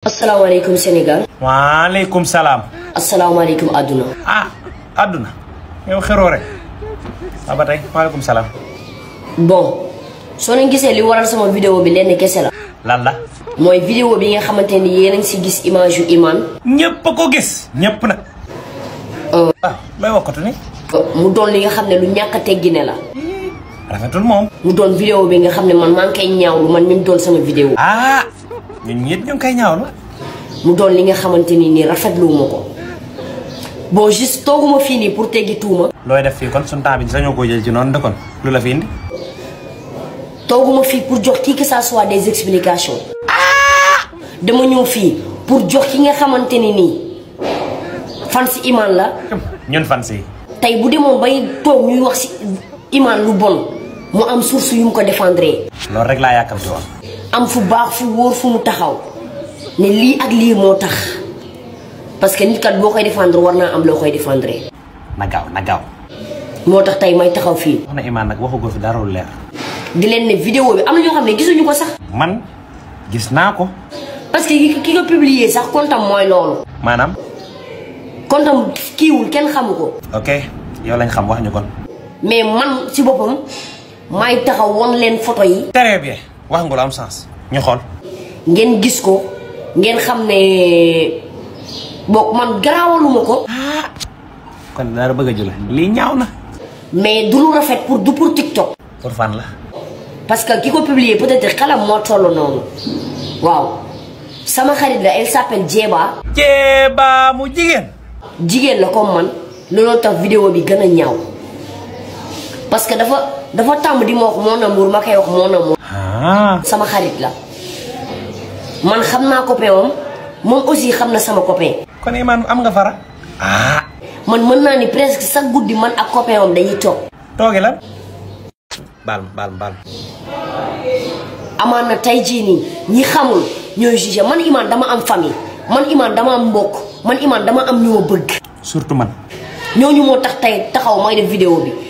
Assalamualaikum Senegal. Waalaikumsalam. Assalamualaikum Aduna. ah Aduna. yow xeroo rek Aba tay, tey bon So leen gisee li waral sama vidéo bi lenn kese la. lan la. Moy vidéo bi nga xamante ni yéen a ngi gis image yu iman. Ñepp ko gis. ñëpp Euh, ah looy wakkatu ni. Euh, mu doon li nga xam lu ñaka a teggine la. rafetul mom. mu doon vidéo bi nga xam man man kay ñaaw lu man mi doon sama vidéo. ah. ñun ñëpp ñu ngi koy ñaawlu. mu doon li nga xamante ni nii rafetluwuma ko boo juste tooguma fii nii pour teggi tuuma. looy def fii kon sunu temps bi sañoo ko jël ci noonu de kon lu la fi indi. tooguma fii pour jox kii que ça soit des explications. Ah! dama ñëw fii pour jox ki nga xamante ni nii fan si Iman la. ñun fan si. tey bu demoon bay toog ñuy wax si Iman lu bon mu am source yu mu ko défendre. loolu rek laa yàkkamti woon. am fu baax fu wóor fu mu taxaw ne lii ak lii moo tax parce que nit kat boo koy défendre war naa am loo koy défendre. na gaaw na gaaw. moo tax tey may taxaw fii. na Iman nag waxu ko dara leer. di leen ne vidéo bi am na ñoo xam ne gisuñu ko sax. man gis naa ko. parce que ki nga publier sax kontam mooy loolu. maanaam. kontam kiiwul kenn xamu ko. ok yow lañ xam wax ñu kon. mais man si boppam may taxaw won leen photo yi. très bien. wax nga lu am sens ñu xol ngeen gis ko ngeen xam ne bok man grawaluma ko ah! kon dara bëgg jël li ñaaw na mais du lu rafet pour du pour tiktok pour fan la parce que kiko publier peut-être xalam mo tollu non waaw sama xarit la elle s'appelle Jeba Djeba mu jigen jigen la comme man lolo tax vidéo bi gëna ñaaw parce que dafa dafa tàmm di moo wax mon amour ma koy moo mon amour. Ah. sama xarit la man xam naa copain am moom aussi xam na sama copain. kon Iman am nga fara. ah. mën naa ni presque chaque guddi man ak copain am dañuy toog. la. baal baal na tey jii nii ñi xamul ñooy jugé man Iman dama am famille man Iman dama am mbokk man Iman dama am ñu ma bëgg. surtout man. ñooñu moo tax tey taxaw may def vidéo bi.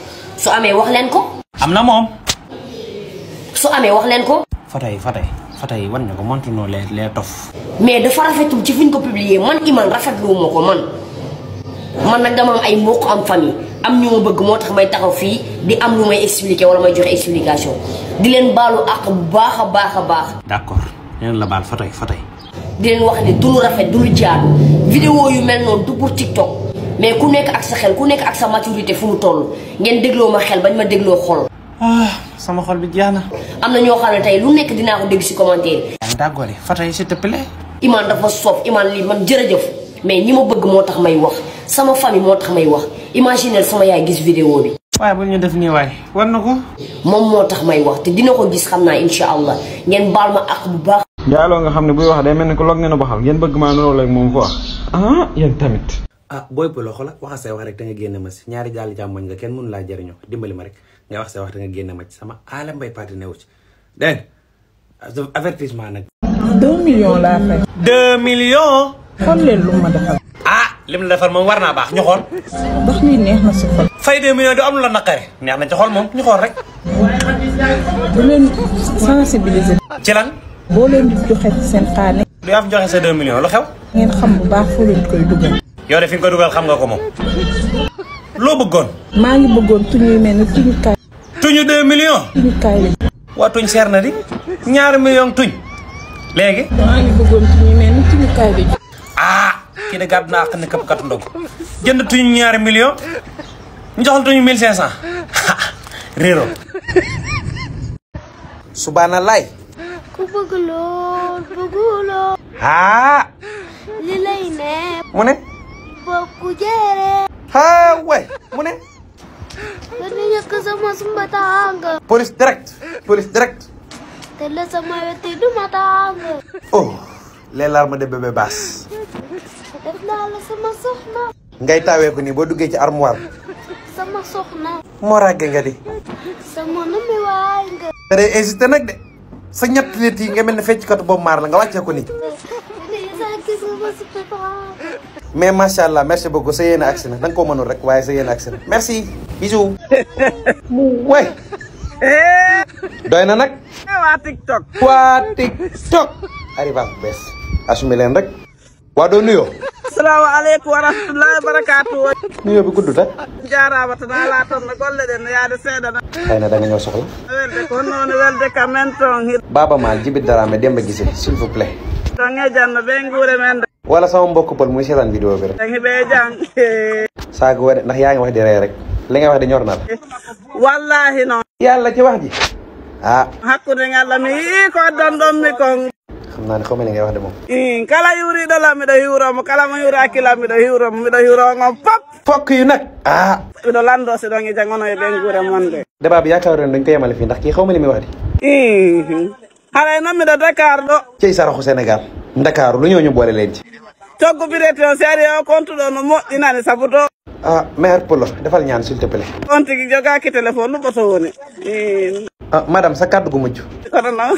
su amee wax leen ko. am na moom. su amee wax leen ko. yi Fatay foto yi war na ko montinoo les les tof. mais dafa rafetul ci fi ñu ko publier man man rafet rafetlu ma ko man man nag dama am ay mbokk am famille am ñu ma bëgg moo tax may taxaw fii di am lu may expliquer wala may joxe explication di leen baalu ak bu baax a baax a baax. d'accord leen la baal Fatay yi di leen wax ne du lu rafet du lu jaadu vidéo yu mel noonu du pour TikTok. mais ku nek ak sa xel ku nek ak sa maturité fu mu toll ngeen deglo ma xel bañ ma deglo xol ah sama xol bi diana amna ño xamne tay lu nek dina ko deg si commentaire ndàggole fatay s'il te plaît iman dafa sof iman li man jërëjëf mais ñima bëgg motax may wax sama famille motax may wax imaginel sama yaay gis vidéo bi waaye bu ñu def ni way war nako mom motax may wax te dina ko gis xamna inshallah allah ngeen bal ma ak bu baax njaaloo nga xamne ne buy wax day melni ko log ne na baxal ngeen bëgg ma no leeg mom ko wax ah yeen tamit ah booy pëloo la waxal say wax rek te nga génne ma si ñaari jàll càmmoñ nga kenn mënu laa jëriñoo dimbali ma rek nga wax say wax te ma ci sama aala mbay parti newu ci dégg avertissement nag. 2 millions laa fay. 2 leen lu ma ah, defal. moom war naa baax ñu xool. ndax am la naqare neex na ci xol moom ñu xool rek. du leen sensibiliser. ci lan. boo leen di joxe seen xaane. du yaa fi joxe sa lu xew. ngeen xam bu baax fu leen koy dugal. yow de fi nga dugal xam nga ko moom loo bëggoon. maa ngi bëggoon tuñuy mel ni tuñu kaay. tuñu deux millions. tuñu kaay la. waa tuñ seer na di ñaari million tuñ léegi. maa ngi bëggoon tuñuy mel ni tuñu kaay la. ah kii de gàdd naa xam ne këpp katu ndog jënd tuñu ñaari million ñu tuñu mille cinq cent réero. subaana lay. ku bëgg lool bëggu li lay ne. Boku jere. Ha, wey, mune. Ternyata ke sama tangga. Polis direct, polis direct. Tela sama tidur mata matang. Oh, lelar ma de bebe bas. Lala sama sohna. Ngay tahu ya, ko ni bo duggé ci Sama sohna. Mo ragé nga di. Sama numi way nga. Dé hésité nak dé. Sa ñett nit yi nga melni fecc kat bo mar la nga waccé ko mais machallah merci beaucoup sa yéen a agsi na da nga ko mënul rek waaye sa yéen a merci bisous. ouais doy na nag. TikTok. waa TikTok. arrivage bu bees. assumé leen rek. waa doo nuyoo. salaamaaleykum wa rahmatullahi wa barakatuh nuyoo bi gudd ta. jaaraama te naa laa toll golle den yaa de seeda na. xëy na da nga ñoo soxla. welde ko noonu welde ka men Baba Maal Djiby Dramé Demba Guissé s'il vous plaît. to ngejanno ɓe nguure men wala sama mbokk pël muy seetaan vidéo bi rek. da ngay bay jàng. saako wala ndax yaangi wax di rey rek li nga wax di ñor na wallahi wallaahi non. yàlla ci wax di ah. hakku hakkunde ngalla mi eh, ko don don mi ko xamna ni ne li nga wax de mom in eh, kala yuri yuuriiɗo la mi da yuro mo kala ma yura ki la mi da yuro mi da yuro nga fop. fok yu nak ah. do lando se do ngi jangono e ben gure mon de. débat bi yaakaaroon dañ ko yemal fi ndax ki xaw li mi wax di de. na mi da Dakar do ci sarahu senegal ndakaaru lu ñëw ñu boole leen coggu birete o seere o compte ɗo no moƴƴinani sabu to ah maire Pullo defal ñaan s'il te plaît compte gi jogaaki téléphone luɓoto woni madame sa kaddu gu mujj kono noon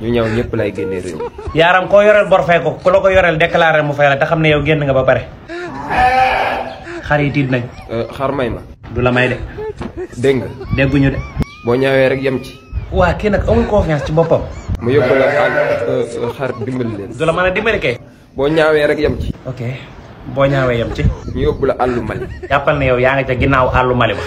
ñu ñëw ñépp lay génnee réew yaaram koo yoreel bor ko ku la ko yoreel déclaré mu fay la te xam ne yow génn nga ba pare xar yi tiit nañ euh, xar may ma du la may de dégg nga dégguñu de boo ñaawee rek yem ci waa kii nag amul confiance ci boppam mu yóbbu euh, euh, leen du la mën a dimbali kay boo ñaawee rek yem ci ok boo ñaawee yem ci ñu yóbbu la àllu Mali jàppal na yow yaa nga ca ginnaaw àllu Mali ba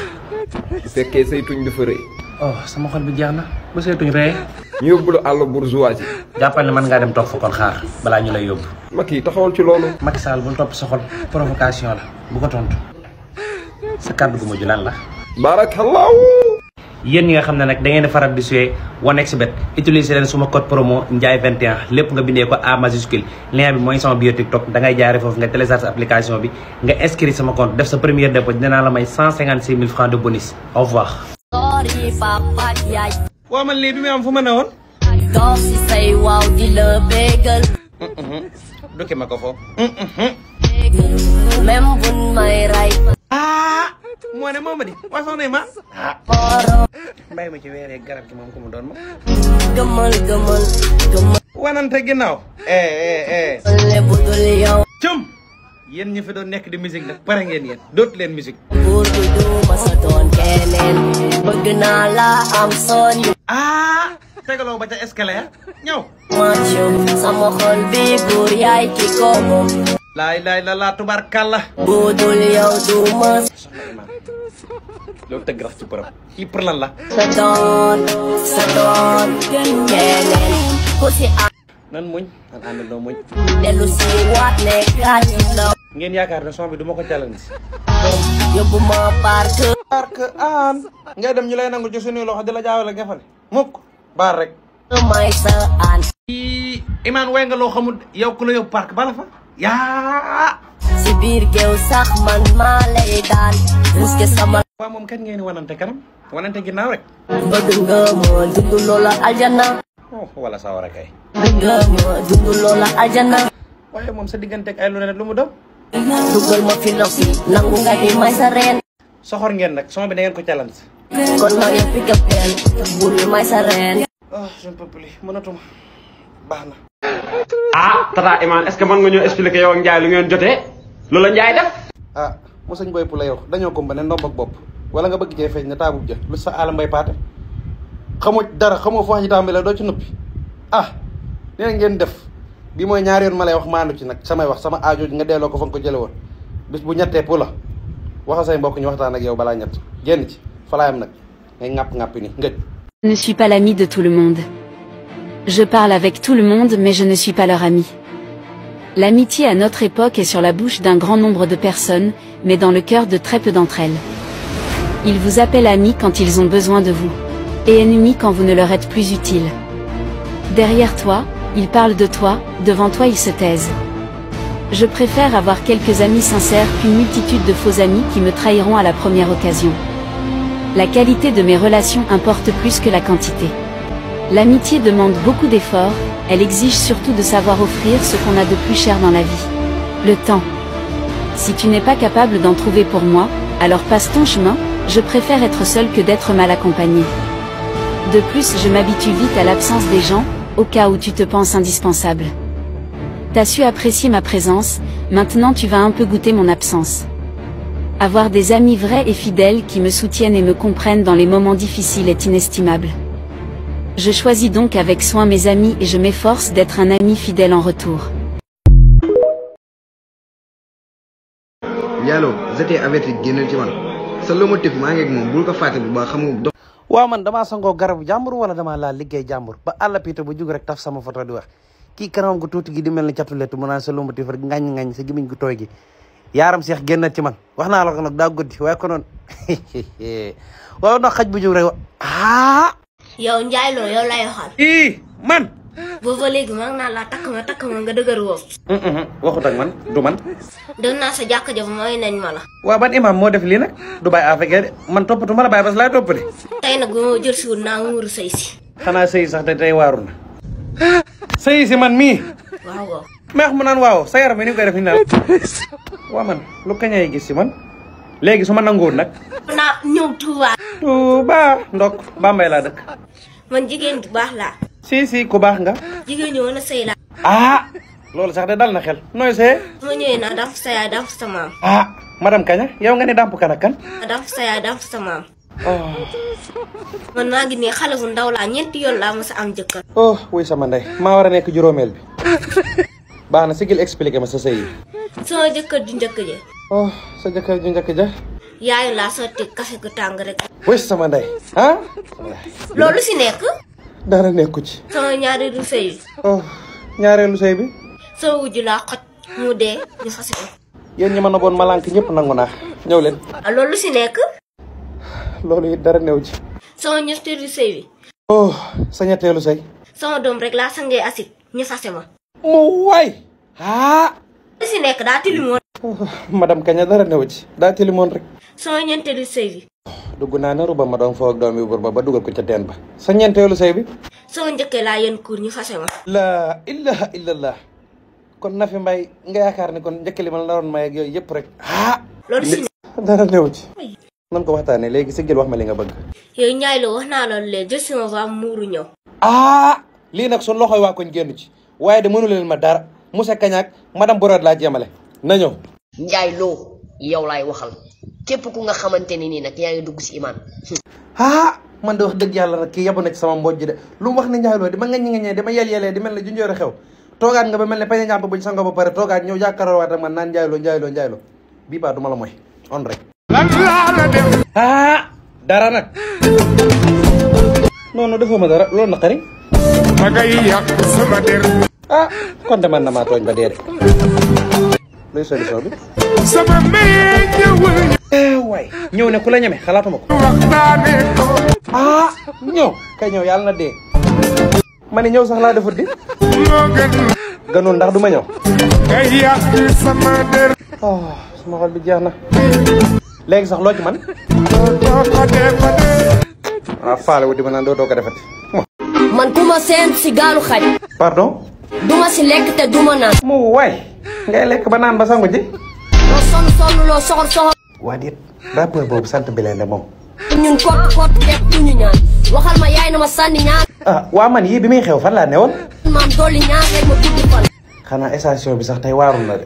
fekkee saytuñ dafa rëy oh sama xol nah. bi jeex bu setu seetuñ ree yóbbu allo bourgeoisie jappal ji jàppal ne dem top fa kon xaar bala ñu lay yóbbu Macky taxawal ci lolu Macky Sall bu top sa xol provocation la bu ko tontu sa kàddu gu mujj lan la barakallahu yéen iya nga xamne nak da ngeen di faral di suyee one xbet utiliser len suma code promo njay ya. 21 lepp nga bindé ko A ah, majuscule lien bi moy sama bio TikTok da ngay jaaré fofu nga télécharger application bi nga inscrire sama compte def sa premier dépôt dina la may 156000 francs de bonus au revoir. waa man lii bi muy am fu ma ne woon. dox si say waaw di la bégal. dukki ma ko foofu. même may ray. ah moo ne moo ma di waaye soxna yi ma ah. mbay ma ci weeree garab gi moom ku mu doon ma. gëmal gëmal gëmal. wanante ginnaaw. eh eh eh. cëm. yen ñi fi do nek di musique nak paré ngeen yen dot leen musique. pour que du ma sa doon keneen bëgg naa la am son yu. ah tégalo ba ca escalier ñëw. maajum sama xol bi buur yaay ki ko moom. lay lay la la tubarkalla. bu dul yow du ma. lo te graf ci param kii pour lan la. sa don sa don keneen ku si nan muñ nan andal do muñ. dellu si waat ne kaay ngeen yaakaar ne son bi du ma ko challenge yóbbu ya, ma parc parc an ngay dem ñu lay nangu ci suñuy loxo di la jaawale gefal mukk baar rek may sa aan imaan way nga loo xamul yow ku la yóbbu parc bala fa yaa si biir géew sax man maa lay daan risque sama waa moom kan ngeen wanante kanam wanante ginnaaw rek bëgg nga moo dund loola aljana oh, wala sawara kay bëgg nga moo dund loola aljana waaye moom sa digganteeg ay lu ne lu mu dem dugal ma fi lox yi di may sama bi ko challenge kon ma ngeen pick up bul may ah je ne peux plus mënatuma baax na ah tata iman est ce que nga expliquer yow ak lu ngeen jotee la def ah musang sañ boy pula yow dañoo ko mbane ndomb ak bopp wala nga bëgg lu sa alam bay paate eh. kamu dara xamoo foo ci tàmbale doo ci ah nee ngeen def je ne suis pas l'ami de tout le monde je parle avec tout le monde mais je ne suis pas leur ami l'amitié à notre époque est sur la bouche d'un grand nombre de personnes mais dans le cœur de très peu d'entre elles ils vous appellent amis quand ils ont besoin de vous et ennemis quand vous ne leur êtes plus utile derrière toi ils parlent de toi, devant toi ils se taisent. Je préfère avoir quelques amis sincères qu'une multitude de faux amis qui me trahiront à la première occasion. La qualité de mes relations importe plus que la quantité. L'amitié demande beaucoup d'efforts, elle exige surtout de savoir offrir ce qu'on a de plus cher dans la vie. Le temps. Si tu n'es pas capable d'en trouver pour moi, alors passe ton chemin, je préfère être seul que d'être mal accompagné. De plus je m'habitue vite à l'absence des gens, au cas où tu te penses indispensable. T'as su apprécier ma présence, maintenant tu vas un peu goûter mon absence. Avoir des amis vrais et fidèles qui me soutiennent et me comprennent dans les moments difficiles est inestimable. Je choisis donc avec soin mes amis et je m'efforce d'être un ami fidèle en retour. waaw man damaa sangoo garabu jàmbur wala damaa laal liggéey jàmbur ba àll piita bu jug rek taf sama photo di wax kii kanam gu tuuti gi di mel ni catulettu naan sa lumbati far ngañ ngañ sa gimiñ gu tooy gi yaaram seex génna ci man wax naa la ko nag daa guddi waaye ko noonu waaw nag xaj bu jug rek wa aa yow Ndiaye Lo yow lay waxal booba léegi maa ngi naan laa tak ma takk ma nga hmm, woowu waxut ak man du man dem naa sa jàkk ja mooy nañ ma la ban imam moo def lii nag du bàyyi affaire man toppatu ma la bas laa topp de tey nag bu jël si sax na si man waaw waaw sa ni koy def ni man lu kañay gis si man léegi su ma nak? nag naa ñëw Touba ndok Bambey laa dëkk man jigéen bu baax si si ku bax nga. jigéen ñi woon na la. ah loolu sax de dal na xel noy sey mo ñewé na daf sey daf sama ah madam kanya yow nga kan, kan? oh. oh, ni damp kan ak kan. naa dàmp sa yaay man maa ni xala bu ndaw la ñent yoon la mos am jëkkër. oh ya, wuy sama nday ma wara nek juromel bi. baax na sigil expliquer ma sa sey so sama du ju je oh sa jëkkër ju njëkk ja. yaayu laa sotti café ko tang rek. wuy sama nday ah. loolu si nek dara nekku ci sama ñaare lu sey oh lu sey bi so wuju la mude mu de ñu xasi ko yeen ñi mën a malank ñepp nanguna ñew leen a ah, lolu si nekk lolu yi dara new ci lu sey bi oh sa lu sey sama dom rek la sangé asik ñu fase ma mo way ah si nekk daa madam oh, madame kanya dara new ci daa tilimoon rek sama lu sey bi dugg naa na ruba ma dong fook ak doom yu ba dugal ko ci den ba sa ñentelu sey bi so ñeuke la yeen cour ñu fasé ma la ilaha illallah kon Nafi mbay nga yaakar ni kon njëkk li ma la won may ak yoy iya yep rek ha lolu ci dara neew ci nam ko waxtane legi siggil wax ma li nga bëgg yoy ya, ñay lo wax na lolu le je sama va muuru ñew ah li nak sun loxoy wa koñ génn ci waye de mënu leen ma dara musse kañak madame Borod la jéemale nañu ñay lo yow lay waxal kep ku nga xamanteni ni nak nag dugg si iman. ha man do wax deug yalla rek ki yabu ci sama mbojj de lu wax ne njaay loo di ma ngañ ngañee di ma yel yele di melni ne junjoore xew togaat nga ba melni ne ñamp buñ sanga ba pare togaat ñew jàkkaaroo waat rek man naan njaay loo njaay loo njaay loo duma la moy on rek ah dara nak nono non ma dara loolu naqari sama der ah kon de man na ma togn ba dee lay solution bi. sama mee ñëwul. waay ñëw ne ku la ah ñëw. kay ñëw yàlla na dee. ma ne sax laa defut di. moo ndax du ma kay sama der. oh sama xol bi sax ci man. wu di ma naan doo defati. man xaj. pardon. Duma si lekk te mu ngay lekk ba naan ba sangu ji. loo sonn sonn loo soxor soxor. waa dit rappeur boobu sant bi leen de moom. ñun kott kott def duñu ñaan waxal ma yaay na ma sànni ñaan. ah waa man yii bi muy xew fan laa newoon. maam dolli ñaan rek ma tudd fan. xanaa station bi sax tey waarul na de.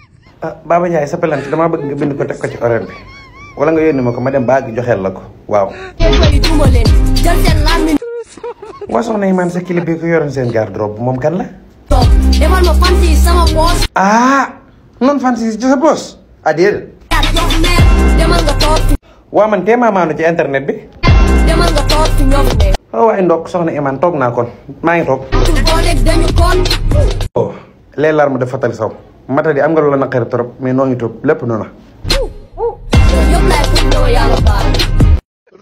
Baba Ndiaye sa pelante dama bëgg nga bind ko tek ko ci oreille bi wala nga yónni mako ma dem baagi joxel la ko waaw. waa nay man sa clip bi ko yoron sen garde-robe mom kan la. defal ma fanti sama boos. ah non fancy ci sa boss ah wa man té mamanu ci internet bi. oh waaye ndok soxna Iman tok na kon ma ngi tok oh les larmes de Fatal Sow mata di am nga loola naqari torop mais noo ngi lepp lépp noona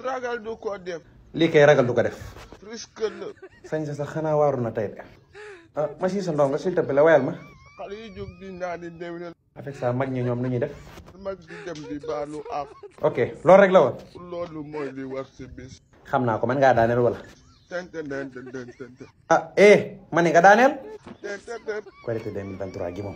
ragal du ko def li kay ragal du ko def risque le sañ sa xana xanaa waaru na tey de ah eh, ma ci sa ndonga s'il te plaît wayal ma xali yi jóg di nani dem na avec sa mag ñi ñom nu ñuy def mag di dem di balu ak ok lo rek la won lolu moy li war ci bis xamna ko man nga daaneel wala ah eh ma ne nga daaneel qualité 2023 gi mom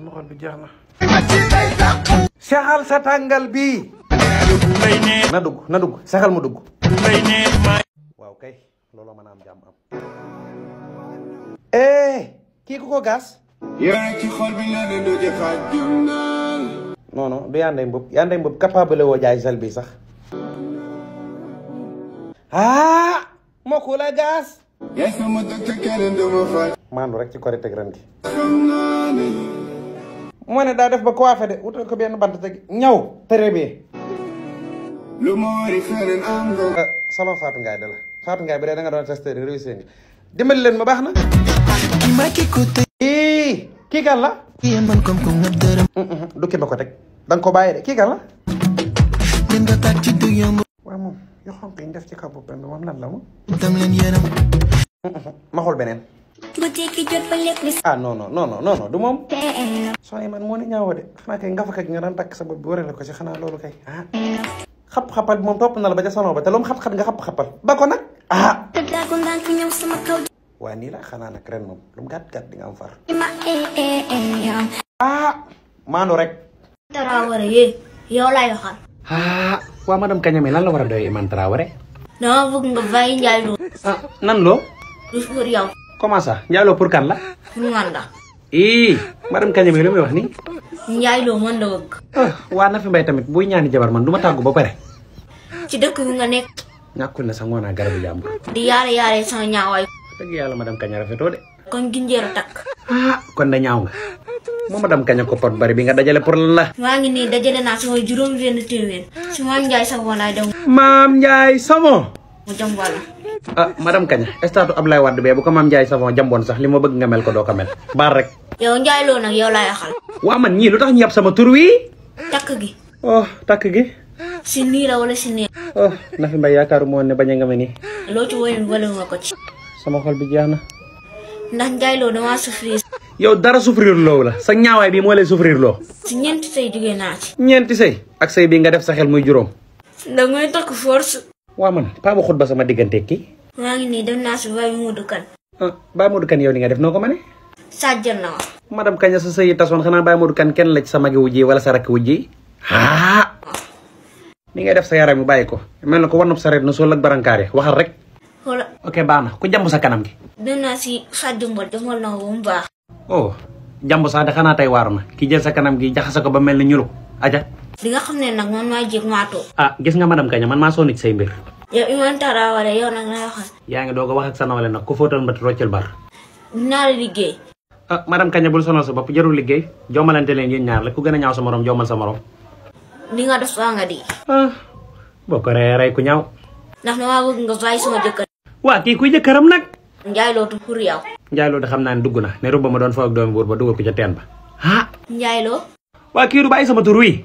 sama xol bi jeexna xehal sa tangal bi na dug na dug xehal mu dug waaw kay lolo mën am jam am eh ya ah, ki ko gas yaa ci xol bi la ne doje jumnal non non bi yànday mbop yànday mbop capable wo jaay sal bi sax ah moko la gas Yes, I'm yaay sama dëkk keneen dama faaj maandu rek ci korite a gi moo ne daa def ba coiffé de wutal ko benn bant teg ñaw te bien. lu moori feneen am nga. sama Fatou Ngaye de la Fatou Ngaye bi de da nga doon testé leen ma baax na. kii kan la. du ki ma ko teg da ko bàyyi de kii kan la. waaw moom yoo xam def ci kaw boppam bi moom lan la moom. ma xool beneen. ah non non non non non du moom. soo iman moo ne ñaawa de xanaa kay nga fa kay nga daan takk sa bopp bi waree la ko ci xanaa loolu kay ah. xap-xapal moom topp na la ba ca sonoo ba te loom xap-xap nga xap-xapal ba ko nag ah. waa nii la xanaa nag ren moom lu mu gàtt di nga am far. ah maandu rek. ye, yow laay waxal. ah waa madam Kañame lan la war a doy Imane Traoré. dama bëgg nga bàyyi njaay loolu. ah nan lo? du suur comment ça Ndiaye ya Lo pour kan la. pour man la. ii madame Kagne mi lu wax ni Ndiaye Lo man la bëgg. waa Nafi Mbaye tamit buy ñaani jabar man duma taggu ba pare. ci dëkk yu nga nekk. ñàkkul na sa ngona garbu garabu di yaare yaare sa ñaawaay. dëgg yalla madam Kagne rafeto de. kon ginjeeru tak ah kon da ñaaw nga. mo madam Kagne ko pot bari bi nga dajale pour lan la. wa ngi ni dajale na sama juroom benn téeméer ci maam Ndiaye sa wala dem. mam Ndiaye Savon mu jom wala ah madame Kane stade Abdoulaye Wade bee bu ko mam jay Savon jambon sax limo beug nga mel ko do ko mel bar rek yow Ndiaye lo nak yow lay xal wa man ni lutax sama tour wi tak gi oh tak gi si ni la wala si ni oh fi Mbaye yaakaaru mo ne baña nga me ni lo ci wala nga ko ci sama xol bi jeexna ndax Ndiaye lo dama souffrir yow dara souffrir lo la sa ñaaway bi mo lay souffrir lo ci ñent sey jugé na ci ñent sey ak sey bi nga def sa xel muy da ngay tak force waman man paa waxut ba sama digante ki maa ngi nii dem na su bay Modou ah bay Modou Kane yow ni nga def noko mané sajjal na ma. madame Kaña sa sëyi tasoon xanaa bay Modou Kane la ci sama gi wujji wala sa rak wujji ha ni nga def sa yaram mu bàyyi ko ko wanub sareet na so lak barankare waxal rek. oke ok baax na ku jambu sa kanam gi. dem na si na wum oh jambu sa da xana tay waruna ki jël sa kanam gi ba melni aja li nga xamne nak nag man maa jéeg maa ah gis nga madam kaña man ma soo say mbir yow ya, iman tara wala yow nak nga waxal ya nga doog wax ak sa nawale nak ku fotal mbat roccal bar na la liggey ah madam kaña bul sonal sa bop jarul liggey jomalante len yeen ñaar la ku gëna ñaaw sa morom jomal sa morom li nga def saa nga di ah boko re re ku ñaaw nak damaa wagu nga bàyyi sama jëkkër waa kii kuy jëkkëram nag njaay tu pour yow njaay lo da xamna naa ne dugg na ne rubba ma doon ak doom bur ba dugal ko ci ten ba ha njaay lo wa ki du bàyyi sama tur wi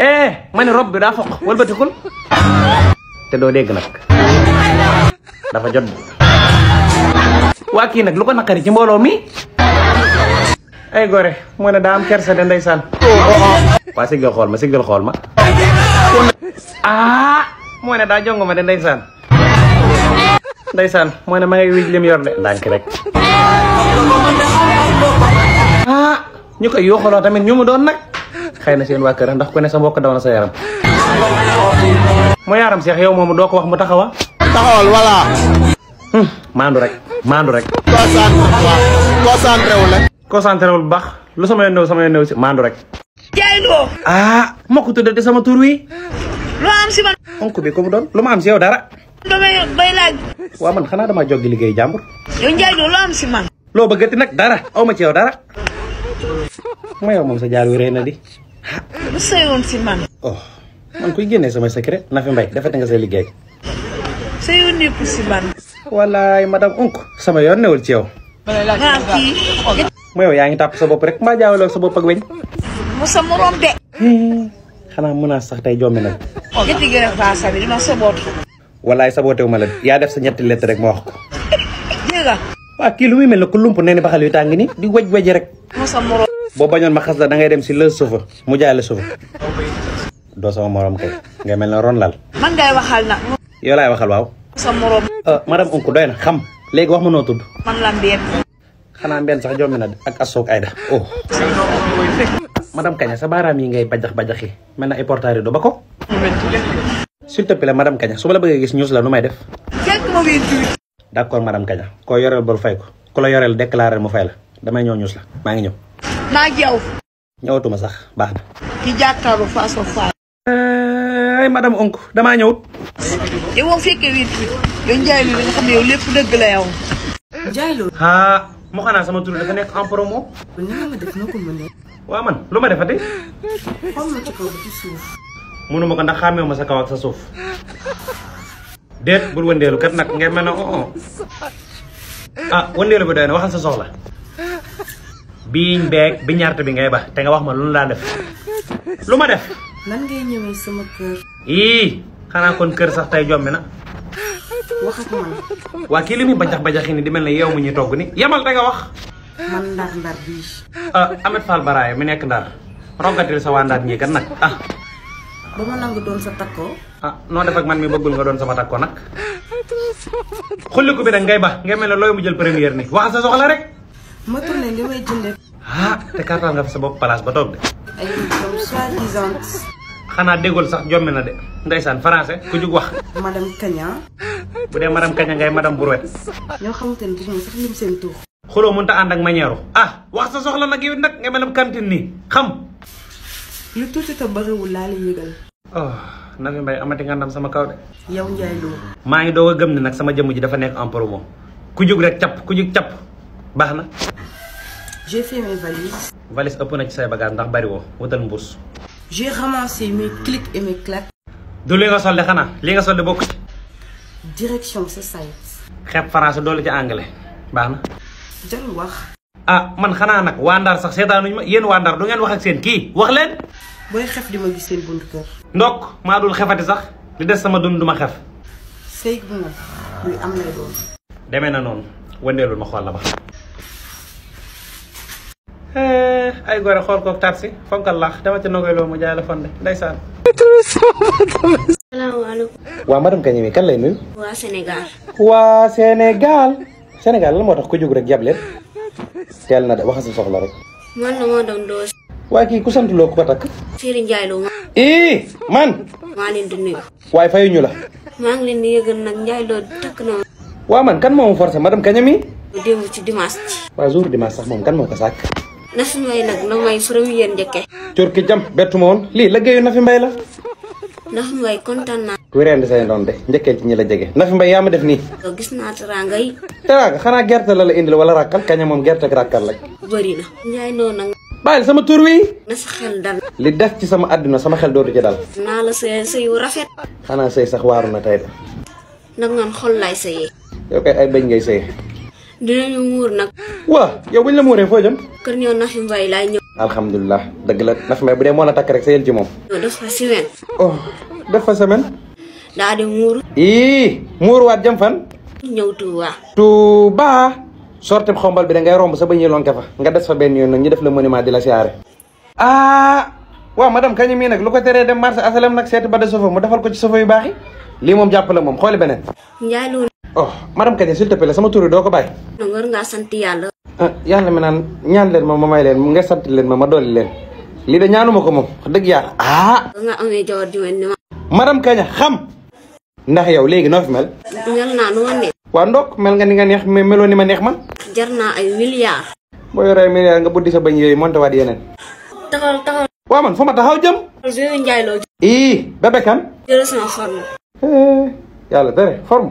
eh mana rob bi daa foq wëlbatikul te doo dégg nag dafa jot waa kii nag lu ko naqari ci mbooloo mi ay gore moo ne am kersa de ndeysaan gak siggal masih ma siggal mak? ma ah mana ne daa jongo ma de ndeysaan ndeysaan moo ne ma ngay yor de ndànk rek ah ñu koy yooxaloo tamit ñu mu xeyna seen wa keur ndax ku ne sa mbokk dawna sa yaram mo yaram cheikh yow momu doko wax mu taxawa taxawal wala hmm, mandu rek mandu rek concentrewul wul rek lu sama yoon sama yoon ci mandu rek jeyno ya, ah moko tudde de sama tour wi lu am ci man onko bi ko mu don lu ma am ci yow dara damay bay laaj waa man xana dama joggi liggéey jàmbur yow njaayloo lu am ci man lo beugati nak dara awma oh, ci yow dara ma ya, mom sa jaar wi rëy di sayoon si oh man kuy génnee samay secret Nafi Mbaye defete nga say liggéey sa yoon nekkul si man walaay madame sama yoon newul ci yow mu yow yaa ngi tàpp sa bopp rek mbaa jaawale sa bopp ak weñ mu sa morom de xanaa mën naa sax tey jombi nag ñetti gërëm faa sabi dina saboote walaay saboote wu ma la yaa def sa ñetti lettre rek ma wax ko jéega waa kii lu muy mel ne ku lump baxal yu tàng di wej weji rek mu sa morom bo bañon ma xas da ngay dem ci le chauffeur mu jaay le chauffeur do sama morom kay ngay melni ron lal man ngay waxal na yow lay waxal waw sama morom eh, madame Unku doy doyna xam léegi wax ma no tudd man la mbeen xana mbeen sax jommi ak asoog ayda oh Madam kanya sa baram yi ngay bajax-bajaxi melna na ay portaari do bako s'il te plaît madam kanya su la gis news la numay def d'accord madam kanya, ko yorel yoreel fay ko ko la yorel déclarer mu fay la damay ñëw news la ma ngi ñëw naag yow ñëwatuma sax baax ki jàkkaaru face à face ay madame onk damaa ñëwut yow moom fekkee wéet bi yow nga xam yow lépp dëgg la yow sama tur dafa nekk en promo ni def noo man lu ma defati xam na ci kaw ci suuf mënuma ko ndax xàmmeewu ma sa kaw ak sa suuf déet bul wëndeelu kat nag ngay mel ne ah wëndeelu bi doy waxal kan sa soxla biiñ beeg bi ñaarte bi ngay bax te nga wax ma lu la def lu ma def. lan ngay ñëwé sama kër. ii xana kon kër sax tay jommi na. wax ak man. waa kii li muy bajax ni di melni yow mi ñi togg ni yamal da nga wax. man ndar ndar bi ah amad Fall Baraye mi nekk ndar rogatil sa waa ñi kan nak ah. ba ma nangu doon sa takko. ah no def ak man mi bëggul nga doon sama takko nak xulliku bi da ngay ba ngay mel loy mu jël premier ni wax sa soxla rek moto na ndio wejinde ha te kartal nga fa sa bop place ba tok de ay comme soit disant xana degol sax jomé na de ndaysan français ku jug wax madame kagna bu dé madame kagna ngay madame brouette ño xamantene gis nga sax lim seen tour xolo mën ta and ak ah wax sa soxla nak yow nak ngay melam cantine ni xam lu tuti ta bari wu la oh nabi mbay amati nga ndam sama kaw de yow njaay lo ma ngi gëm ni nak sama jëm ji dafa nek en promo ku jug rek ciap ku jug ciap baax j'ai fait mes valises. valise ëpp na ci say bagages ndax bari woo wutal mbuus. j'ai ramassé mes clics et mes claques. du li nga solde xanaa li nga solde bokk direction ce site. xeeb français doole ci anglais baax na. wax. ah man xana nak waa Ndar sax seetaanuñu ma yeen waa du ngeen wax ak seen ki wax leen. boy xef dima gis seen buntu kër. ndokk ma dul xefati sax li dess sama dunduma xef. seyk bu nga muy am lay doon. demee na non wëndeelul ma xool la ba eh, ay gore xool kook tarsi fonkal laax dama ca nogoy loo mu jaay la fonde ndeysaan salaamaaleykum waa madame Kañemi kan lay nuyu waa Sénégal waa Sénégal Sénégal lan moo tax ko jóg rek yab leen teel na de waxa sa soxla rek man la moo doon doos waaye kii ku sant loo ku ko takk Serigne Ndiaye Lo ma ii man maa leen di nuyu waaye fayuñu la maa ngi leen di yëgal nag Ndiaye Lo takk na Waman kan mau force madam kanya mi? Dia mau di mas. Wazur di masak mau kan mau kasak. Nas may lagi no may suruh jake. Cur jam betu mon li lagi yang fi mbay lah. Nas kontan na. Kurende anda ndon de njekel ci lagi jege. Na fi mbay yaama def ni. Do Terang. Karena teranga terlalu indah walau rakal kanya mau gerte ak rakal lagi. Bari na. Ñay ya, no Baik sama turwi. wi na Lidah xel li sama adun sama xel dootu ci dal naa saya sëy rafet Karena sëy sax waaru na tey Okay, ay bain guys eh. Dinañu mur nak. Wa, yow buñ la muuré fo jëm? Kër ñoo na fi mbay la ñëw. Alhamdullilah, deug la na may bu dé mo tak rek ci mom. Oh, semaine. Da di Ii, mur waat jëm fan? Ñëw Touba. Touba. Sortib xombal bi da ngay romb sa bañi lonké fa. Nga dess fa ben yoon nak ñu def le monument di la siaré. Ah, wa madam kañu mi nak lu ko téré dem marché asalam nak sét ba de sofa mu defal ko ci sofa yu baxi. Li mom japp la mom, xoli benen. Ya, oh madame Kane s'il sama tur doo ko bàyyi. war ngaa sant yàlla. ah yàlla mi naan ñaan leen ma ma may leen mu nga sant leen ma ma dolli leen lii de ñaanuma ko moom wax dëgg yàlla ah. nga amee jawar ji ma. madame Kane xam. ndax yow léegi noo mel. mel naa nu ma neex. waa ndok mel nga ni nga neex mais meloo ni ma neex man. jar naa ay milliards. boo yoree milliards nga buddi sa bañ yooyu monté waat yeneen. taxaw taxaw. waa man fu ma taxaw jëm. Zouye Ndiaye loo. ii bébé kan. jëlee sama forme. Eh, yàlla tere forme.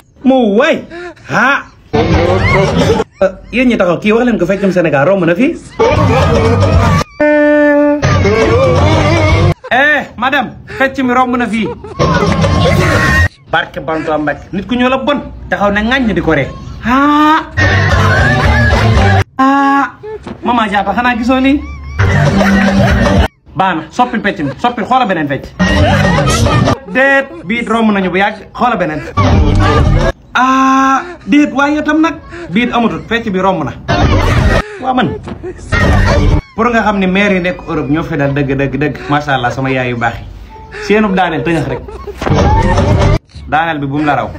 موي Ha eh, yéen iya ñi taxaw kiwa wax leen ko sana Sénégal mana fi. eh madam, fecc mi mana fi Bar barke Bantu Mbacke nit ku ñoo bon taxaw ne ŋaññi di ko Ha? Ha? Mama aja apa xanaa gisoo lii. baax na soppil pecc mi soppil xoola beneen fecc. déet bii romb bu yàgg ah déet waaye itam nag biit amatul fecc bi romb na wa man pour nga xamni maire yi nek Europe ñoo fi dal deug deug dëgg macha allah sama yaay yu bax seenu daanel daaneel rek daanel bi bu la raw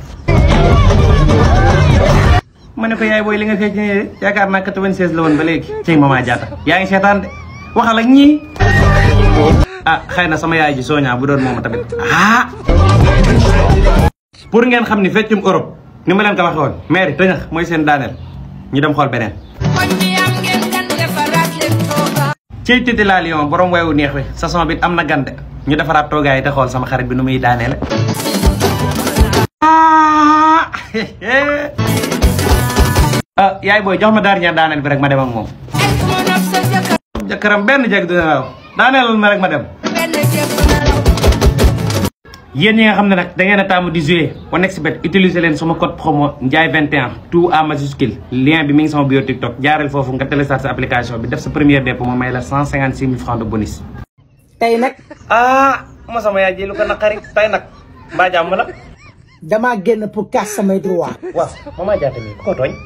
mané ko yaay boy li nga fecc ni yaakar na 96 la won ba léegi cey mama jaata yaa ngi seetaan de waxal ak ñi ah xeyna sama yaay ji soña bu doon moom tamit ah pour ngeen xamni feccum Europe ni ma leen ko waxee woon maire mooy seen daaneel ñu dem xool beneen ciy titi laa lion borom wayu neex wi saison bi am na gande ñu defaraat toogaay yi te xool sama xarit bi nu muy daaneele ah, yaay booy jox ma dernier daaneel bi rek ma dem ak moom jëkkëram benn jeg dinaaw ma rek ma dem Yen yi nga xamne nak nag da ngeen tamu taamu di jouer bet utiliser len sama code promo njay 21 tout en majuscule lien bi mi ngi sama bio TikTok jaaral fofu nga télécharger sa application bi def sa premier dépôt mo may la 156 francs de bonus. tay nak ah mo sama yaay ji lu ko naqari tay nak ba jam la. dama genn pour casse sama droit. waaw maman Dia tamit ku ko togn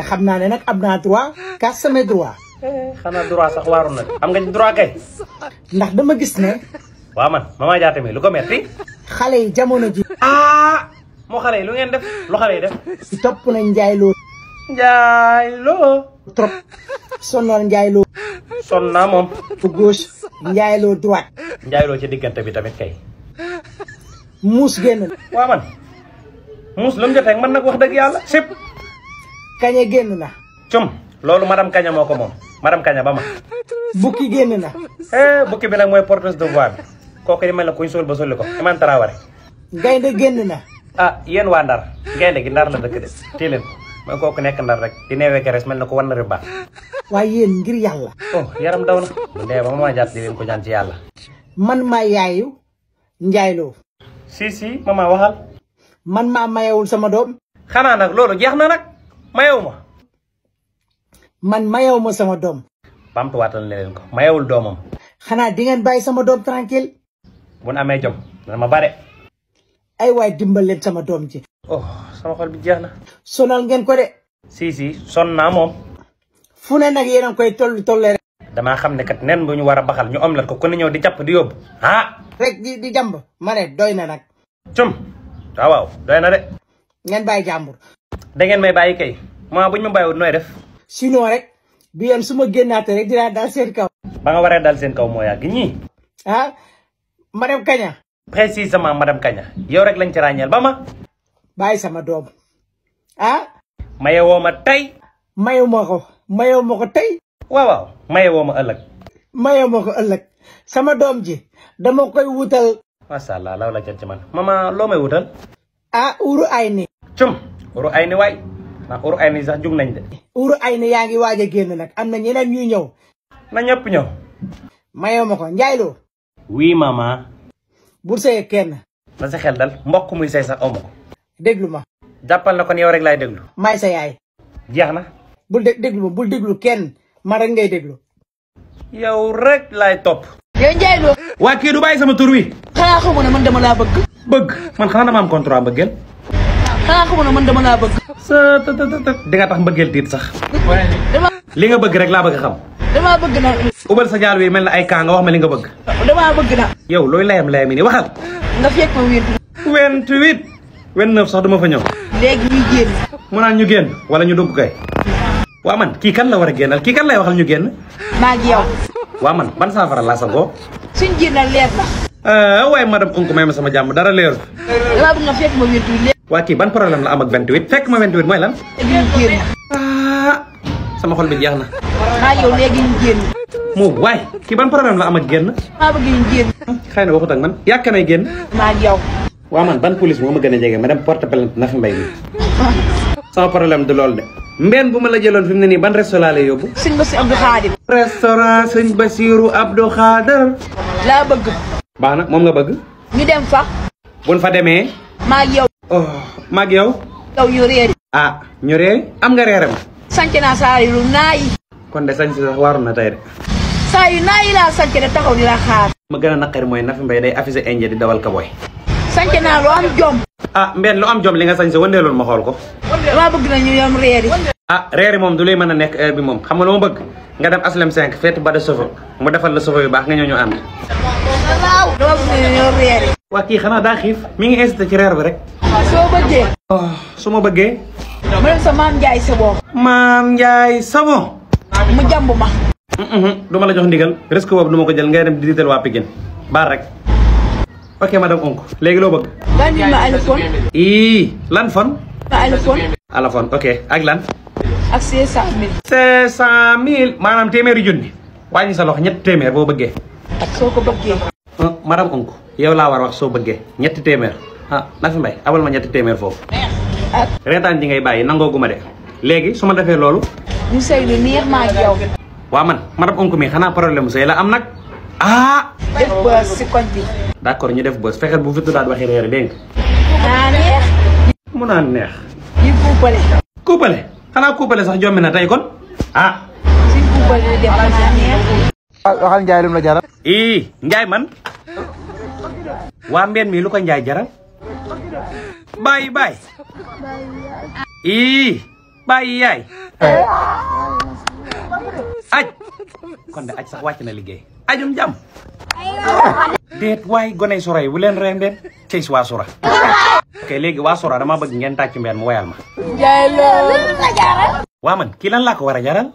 ta xamna ne nag am droit casse sama droit. Eh, xana droit sax waaru nak am nga droit kay. ndax dama gis ne waman mama jaate lu ko metti xale jamono ji ah moo xale lu ngeen def lu xale yi def topp nañ njaay loo njaay loo trop sonnoon njaay loo mom. naa moom fu gauche njaay loo droite njaay loo ci diggante bi tamit kay muus génn waaw man lu mu man wax sip kañe génn na cum loolu madame kaña moo ko moom madame kaña ba ma na eh buki bi nag mooy porteuse de voix kooku demal la kuñ sol ba soli ko Imane Traoré. gaynde genn na. ah yéen waa Ndar gaynde gi Ndar la dekk de téeleen ko mooy kooku nekk Ndar rek di neewee Grèce mel na ko war na baax. ngir yalla oh yaram dawna na. bu dee ba ma jatt di len ko ñaan ci man ma yaayu Ndiaye Lo. si si mama waxal. man ma mayewul sama dom. xana nak lolu jeexna nak mayewuma man mayewuma sama sama pamtu watal ne len ko mayewul domam xana di ngeen bàyyi sama dom tranquille bu nu amee jom dana ma bare. ay waay dimbal leen sama doom ji. oh sama xol bi jeex na. sonal ngeen ko de. si si son naa moom. fu ne nag yéen a koy toll tollee rek. damaa xam ne kat nen bu ñu war a baxal ñu om la ko ku ne ñëw di jàpp di yóbbu ah. rek di di jàmb ma doy na nag. cum waaw ah, waaw doy na de. ngeen bàyyi jàmbur. da ngeen may bàyyi kay ma bu ñu ma bàyyiwut nooy def. sinon rek bi yéen suma ma génnaatee rek dinaa dal seen kaw. ba nga waree dal seen kaw moo yàgg ñii. ah madame Kaña. précisément madame Kaña yow rek lañ ci ràññeel ba ma. bàyyi sama doom ah. maye woo ma tey. maye ma ko maye ma ko tey. waaw waaw maye woo ma ëllëg. maye ma ko ëllëg sama doom ji dama koy wutal. macha allah law la jot ci man mama loo may wutal. a ah, uru ay ni. cum uru ay ni waay ndax uru ay ni sax jug nañ de. uru ay ni yaa ngi waaj a génn nag am na ñeneen ñuy ñëw. na ñëpp ñëw. maye ma ko Ndiaye Lo oui mama. bul sëyee kenn. na sa xel dal mbokk muy sëy sax aw Deglu ma. Jappal na ni yow rek laay déglu. may sa yaay. jeex na. bul dé deglu, bul déglu kenn man rek ngay déglu. yow rek laay topp. yow Ndiaye Lo. waa kii du bàyyi sama tur wi. xanaa xamu ne man dama laa bëgg. bëgg man xanaa dama am contrat mbëggeel. xanaa xamu ne man dama laa bëgg. sa ta ta ta di nga tax mbëggeel tiit sax li nga bëgg rek la bëgg xam. dama bëgg na. ubal sa jaal wi melni ay kaa nga wax ma li nga bëgg. dama bëgg na. yow loy layam layam ni waxal. nga fekk ma wér. 28 29 sax dama fa ñëw. léegi ñu génn. mu naan ñu génn wala ñu dugg kay. wa man ki kan la wara a ki kan lay waxal ñu génn. ma gi yow. wa man ban sa faral la sa go suñu génnal leer na. Eh, way madam Unku may ma sama jamm dara leer. dama bëgg nga fekk ma wér. wa ki ban problème la am ak 28 fekk ma 28 moy lan sama xol bi jeex na. maa yow legi ñu génn. moom waay kii ban problème la am ak génn. maa ba ñu génn. xayna waxut ak man yak na génn. ma ak yow. wa man ban police moo ma gën a ma dem porte plainte na fi mbay mi. sama problème du lol de. mbeen buma la jëlone fi ni ne nii ban restaurant lay yobbu sëñ Basi Abdou Khadir. restaurant sëñ Basiirou Abdou Khadir. la bëgg. baax na moom nga bëgg. ñu dem fa. buñ fa démé ma ak yow. oh ma ak yow. yow ñu réer. ah ñu réer am nga réeram sanke na sankina sairu nayi konde sanke sax waru na tayre sayu nayi la sanke sankina taxaw di la xaar ma gën a naqari mooy Nafi Mbaye day affiché indien di dawal ka boy sanke na lu am jom ah mbeen lu am jom li nga sañ sa wëndeelul ma xol ko wa bëgg na ñu yam reeri ah reeri mom du lay mëna a nekk heure eh, bi mom xam nga lu ma bëgg nga dem aslem 5 fete ba de sofa mu defal la sofo yu baax nga ñëw ñu ànd waaw dama bëgg na ñu yom reeri waa kii xanaa daa mi ngi insta ci reer bi rek soo bëggee. Semua bagai. sa maam Ndiaye Savon. maam Ndiaye Savon. mu jàmb ma. la jox ndigal risque boobu du ko jël ngay dem di diital waa Pikine rek. ok madame Onko léegi loo bëgg. bandil ma ii lan fon. ma alifon. alifon ok ak lan. ak 500000. 500000 maanaam téeméeri junni wàññi sa loxo ñetti téeméer boo bëggee. ak soo ko bëggee. Eh, Onko yow war wax Nak Nafi bay, awal ma ñetti téeméer fofu reetaan ji ngay bàyyi nangoogu ma dé légui suma défé lolu ñu sey ni neex ma ak yow. wa man madame onku mi xana problème sey la am nak ah. def ba ci koñ bi. d'accord ñu def bës fexeel bu vittu daal waxi réré dégg nga. neex. mu na neex. ñu kuupale. kuupale xanaa kuupale sax jommi tay kon ah. suñ kuupalee def neex. waxal Njaay lu mu la jaral. ii Njaay man. waa mbeen mi lu ko kan Njaay jaral. Bye bye. I, bye yai. Aj. Kon da aj sax wàcc na liggéey. Ajum jam. jam. waay why? sora yi bu leen reem Chase Cey waa sora. Okay legi waa sora dama bëgg ngeen tacc mbeen mu wayal ma. Jaay la. man ki lan la ko wara jaral.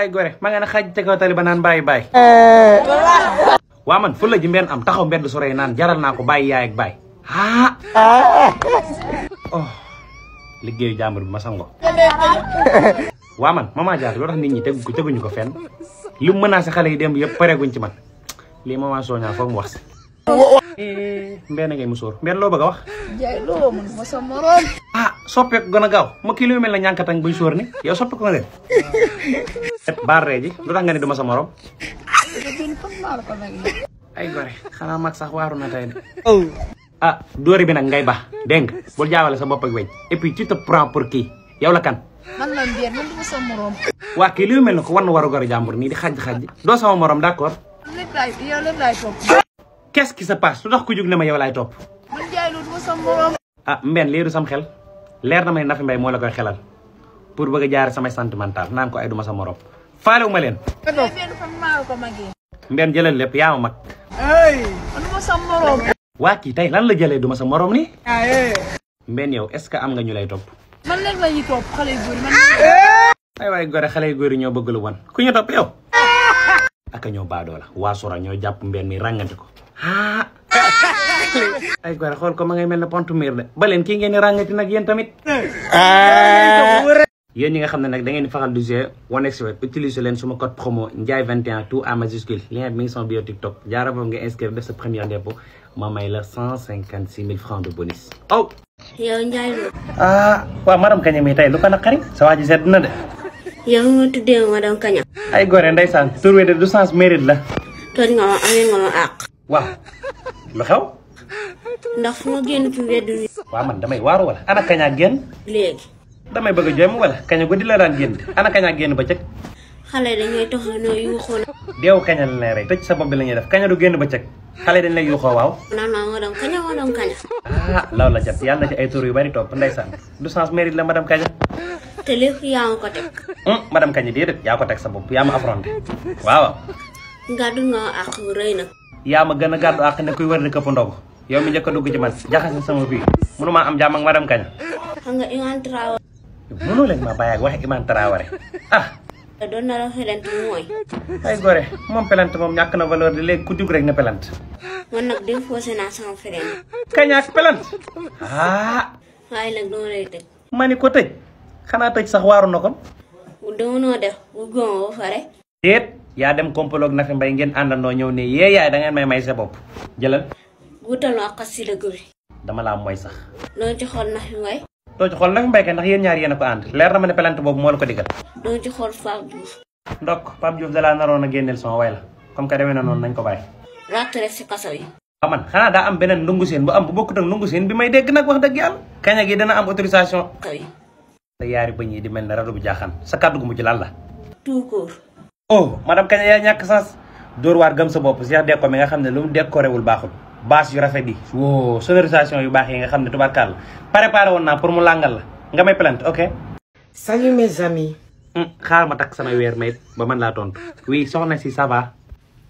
ay gore ma nga te ko tali bye. man fu la am taxaw mbedd soray nan jaral nako bye yaay ak bye. Ha? Oh. liggéeyu jàmbur bi ma sangoo. man Mama Diar loolu tax nit ñi tegu ko teguñu ko fenn dia mu menacé xale yi dem yëpp pareeguñ ci man lii Mama Sonia foog mu wax si. mbeen ngay musóor mbeen loo bëgg wax. jaay ma sa ah soppeeku gën a gaaw ma kii lu mel ne ñànkatañ buy sóor ni yow ya, soppeeku nga leen. Eh, baaree ji lu tax nga ne du ma sa moroom. ay gore xanaa mag sax waaru na tey Oh. ah dóore bi nag ngay baax dégg nga bul jaawale sa bopp ak weñ et puis tu te prends pour qui yow la kan. waa kii li mel ne ko war na war a gor jàmbur nii di xaj xaj. doo sama moroom d' accord. lépp laay yow lépp laay topp. qu' est ce qui se passe lu tax ku jug ne ma yow laay topp. man jaay ah, sam xel leer na may ne Nafi moo la koy xelal pour bëgga a jaare samay sentimental naan ko ay du ma sa morom faalewu ma leen. Mbène jëlal lépp yaa mag. ay man du ma sama waaki tay lan la jale duma sa morom ni men ya, ya, ya. yow est-ce am nga ñu lay top man lan lay top xalé goor man ay way goor xalé goor ñoo bëgg lu won ku ñu top yow ak ñoo baadoo la waa sura ñoo japp mbenn mi rangante ko ah ay goor xol ko ma ngay mel ne pont miir de ba len ki ngeen ni rangati nak yeen tamit yeen ñi nga xamne nak da ngeen di faral di jouer OneXBet utiliser len suma code promo Ndiaye 21 tout a majuscule lien mi ngi sama bio TikTok jaara foofu nga inscrire def sa première dépôt ma may la cent cinquante six mille francs de bonus. aw. Oh! yow Ndiaye Lo. ah waaw madame Kaña mi tey lu ko naqari. sa waa ji sedd na de. yow mi ma tuddee madame Kaña. ay gore ndeysaan. tur wi de du sens mérite la. tooñ nga ma amee nga ma àq. waaw lu xew. ndax ma génn ci mbedd mi. waaw man damay waaru wala. ana Kaña génn. léegi. damay bëgg a jooy mu wala Kaña guddi la daan génn ana Kaña génn ba cëg. xale dañuy toxanoo yuuxoo na deew kaña la lay rey tëj sa bopp bi la ñuy def kaña du génn bëccëg xale dañ lay yuuxoo waaw naan naa madam kaña madam kaña ah law la jat yàlla ci ay tur yu bari topp ndeysaan du sens mérite la madam kaña te lépp yaa ko teg madam kaña déedéet yaa ko teg sa bopp yaa ma affronté waaw gàddu nga ak rëy na yaa ma gën a ak ne kuy wër di këpp ndogu yow mi njëkk a dugg ci man jaxase sama biir mënuma am jàmm ak madam kaña xam nga Iman Traoré mënoo leen ma bàyyi ak wax Iman Traoré ah doon na la pelante mooy. ay gore moom pelante moom ñàkk na valeur di léegi ku rek na pelante. man nag di forcé naa sama frère. kañ ak pelante. ah. waaye nag dama lay tëj. ma ko tëj xanaa tëj sax waaru na kon. dama noo def bu góob ba pare. déet yaa dem kompoloog Nafi mbay ngeen àndandoo ñëw ne yee yaay may may sa bopp jëlal. guutal ma xas si dëgg bi. dama laa mooy sax. loolu ci xool Nafi Mbaye. do ci xol nak mbay ke ndax yeen ñaar yeen ko and leer na ma ne pelante bobu mo la ko digal. do ci xol Pape Diouf. ndok Pape Diouf dalaa naroon a gennel son way la comme que demee na non nañ ko bay rattale ci kasso yi. waaw ah, xana da am benen ndungu seen bu am bu bokut ak ndungu seen bi may deg nak wax dëgg yàlla. kaña gi dana am autorisation. kay. da yaari bëñ yi di mel ne radu bu jaxan sa kaddu gu mujj lan la. tout court. oh madame kaña ya ñak sans dor war gam sa bopp Cheikh Dekko mi nga xamne lu mu wul baxul bas yu rafet bi wo sonorisation yu bax yi nga xamne tubarkal tubaarkàll préparé woon naa pour mu langal la nga may plante ok. salut mes amis. xaar hmm, ma tak sama wer may ba man la ton oui soxna si ça va.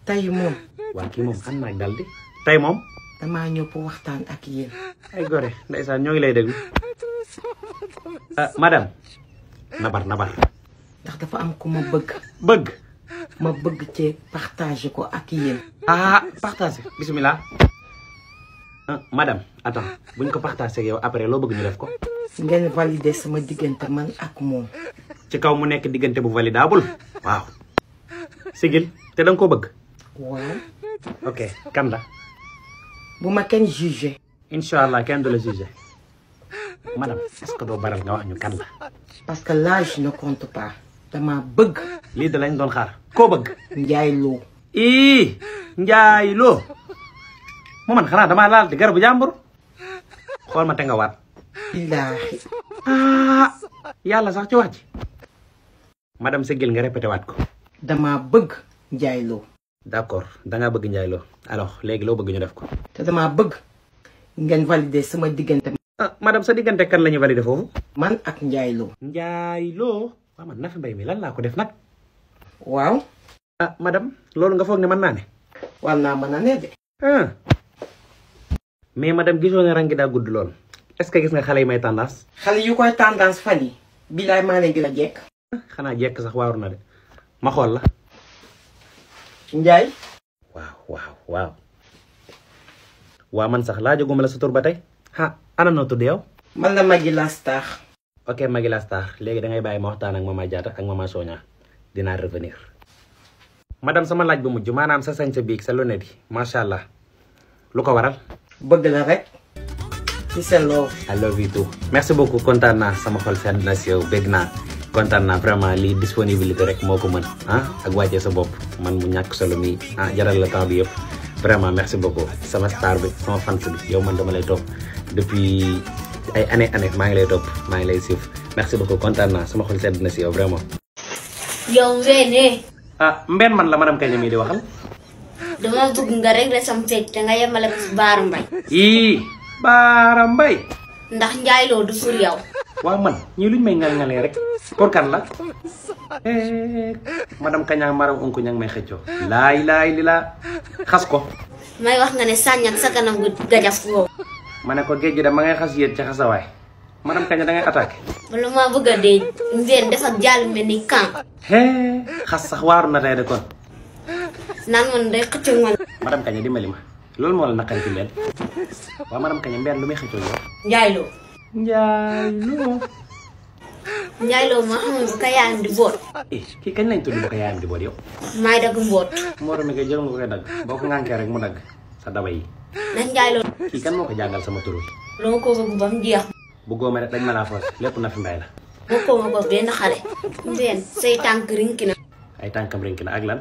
tay mom wa ki mom xam na daldi tay mom dama damaa pour waxtaan ak yeen ay gore ndaysan ñoo lay lay déglu. Euh, madame. nabar nabar. ndax dafa am ku ma bëgg. bëgg. ma bëgg ci partager ko ak yeen ah partager bismillah. Ah, madame attends buñ ko partagé yow après loo bëgg ñu def ko. ngeen validé sama diggante man ak moom. ci kaw mu nekk diggante bu validable. waaw. sigil te da ko bëgg. waaw. ok kan la. bu ma kenn jugé. incha allah kenn du la jugé. madame est-ce doo baral nga wax ñu kan la. parce que l'âge ne compte pas. dama bëgg. lii da lañ doon xaar. koo bëgg. Ndiaye Lo. man xana teman laal di garabu jàmbur xol ma te nga wat ilahi ah yalla sax ci wacc ji madame Seguel nga ya, répété wat ko dama bëgg njaay d'accord da nga bëgg njaay alors légui lo bëgg ñu def ko te dama bëgg ngeen valider sama diggante ah, madame sa digënté kan lañu valider fofu man ak njaay loo njaay loo waaw man Nafi Mbaye mi lan la ko def nak waaw ah madame loolu nga foog ne wal na man na ne de ah. mais madam gisoo ne rangi daa gudd lool est-ce que gis nga xale yi may tendance. xale yu koy tendance fan yi bilaay maa leen gën a jekk. xanaa jekk sax waaru na de ma xool la. Njaay. waaw waaw waaw. waa man sax laajaguma la sa tur ba tey. ah ana man la Maggy Lastar. ok Maggy Lastar léegi da ngay bàyyi ma waxtaan ak mama Diatta ak mama Sonia dinaa revenir. madame sama laaj bu mujj maanaam sa sañ sa biig sa lunette yi allah lu ko waral. bëgg la rek love. I love you too merci beaucoup kontaan naa sama xol sedd na si yow bégg naa kontaan naa vraiment lii ko ah aku aja sa bopp man mu ah jaral la temps bi yëpp vraiment merci beaucoup sama star bi sama fans bi yow man dama lay topp depuis ay année année maa lay topp maa lay merci beaucoup sama xol sedd na si vraiment. yow ah ben man la madame Kaña mii di doma dug ngaregla sam fek da nga yemale ya ko baar mbay i baara mbay ndax njaay loo du pour yow waa man ñii luñ may ngal ngalee rek pour kan la eh, madame kañang maram unku ñang may xëccoo laay laay li la xas ko may wax nga ne sàññak sa kanam gu gajaf woow ma ne ko géej dama ngay xas yéen ca xasawaay madame da ngay bëgg ngeen def ak kan sax na de kon naan man day xëccoo man madame Kaña dimbali ma loolu moo la naqari ci mbedd waaw Lo ma xamul bu ko yaayam di boot. Eh, kii kañ lañ di boot yow. maay dagg mboot. mboot mi koy jël nga koy dagg boo ko ŋànkee rek mu dagg sa daba yi. ndax Lo. kii kan moo ko sama turu. loo ko bëgg ba mu bu góomee rek dañ ma na fi ma ko xale. say tànk rinki ay tànkam rinki ak lan.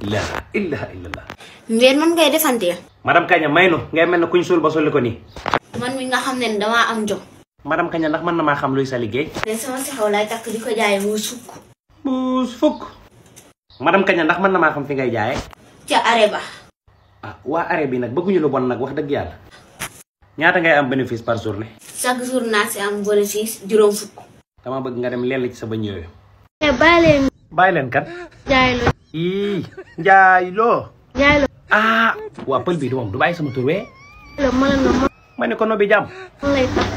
la ilaha illallah ngeen man ngay defante madam kaña maynu ngay melni kuñ sul ba ko ni man mi nga xamne dama am jox madam kaña ndax man na ma xam luy sa liggéey ne sama saxaw lay tak diko jaay mu sukk mu fukk madam kaña ndax man na ma xam fi ngay jaay ci areba ah wa arebe nak bëgguñu lu bon nak wax deug yalla ñaata ngay am bénéfice par journée chaque jour na ci am bénéfice juroom fukk dama bëgg nga dem lel ci sa bayleen bayleen kan jaay Ih, njaay lo. Njaay lo. Ah, wa pël bi doom du bàyyi sama tur wee. lo mala no. Ma ne ko no bi jàmm. lay takk.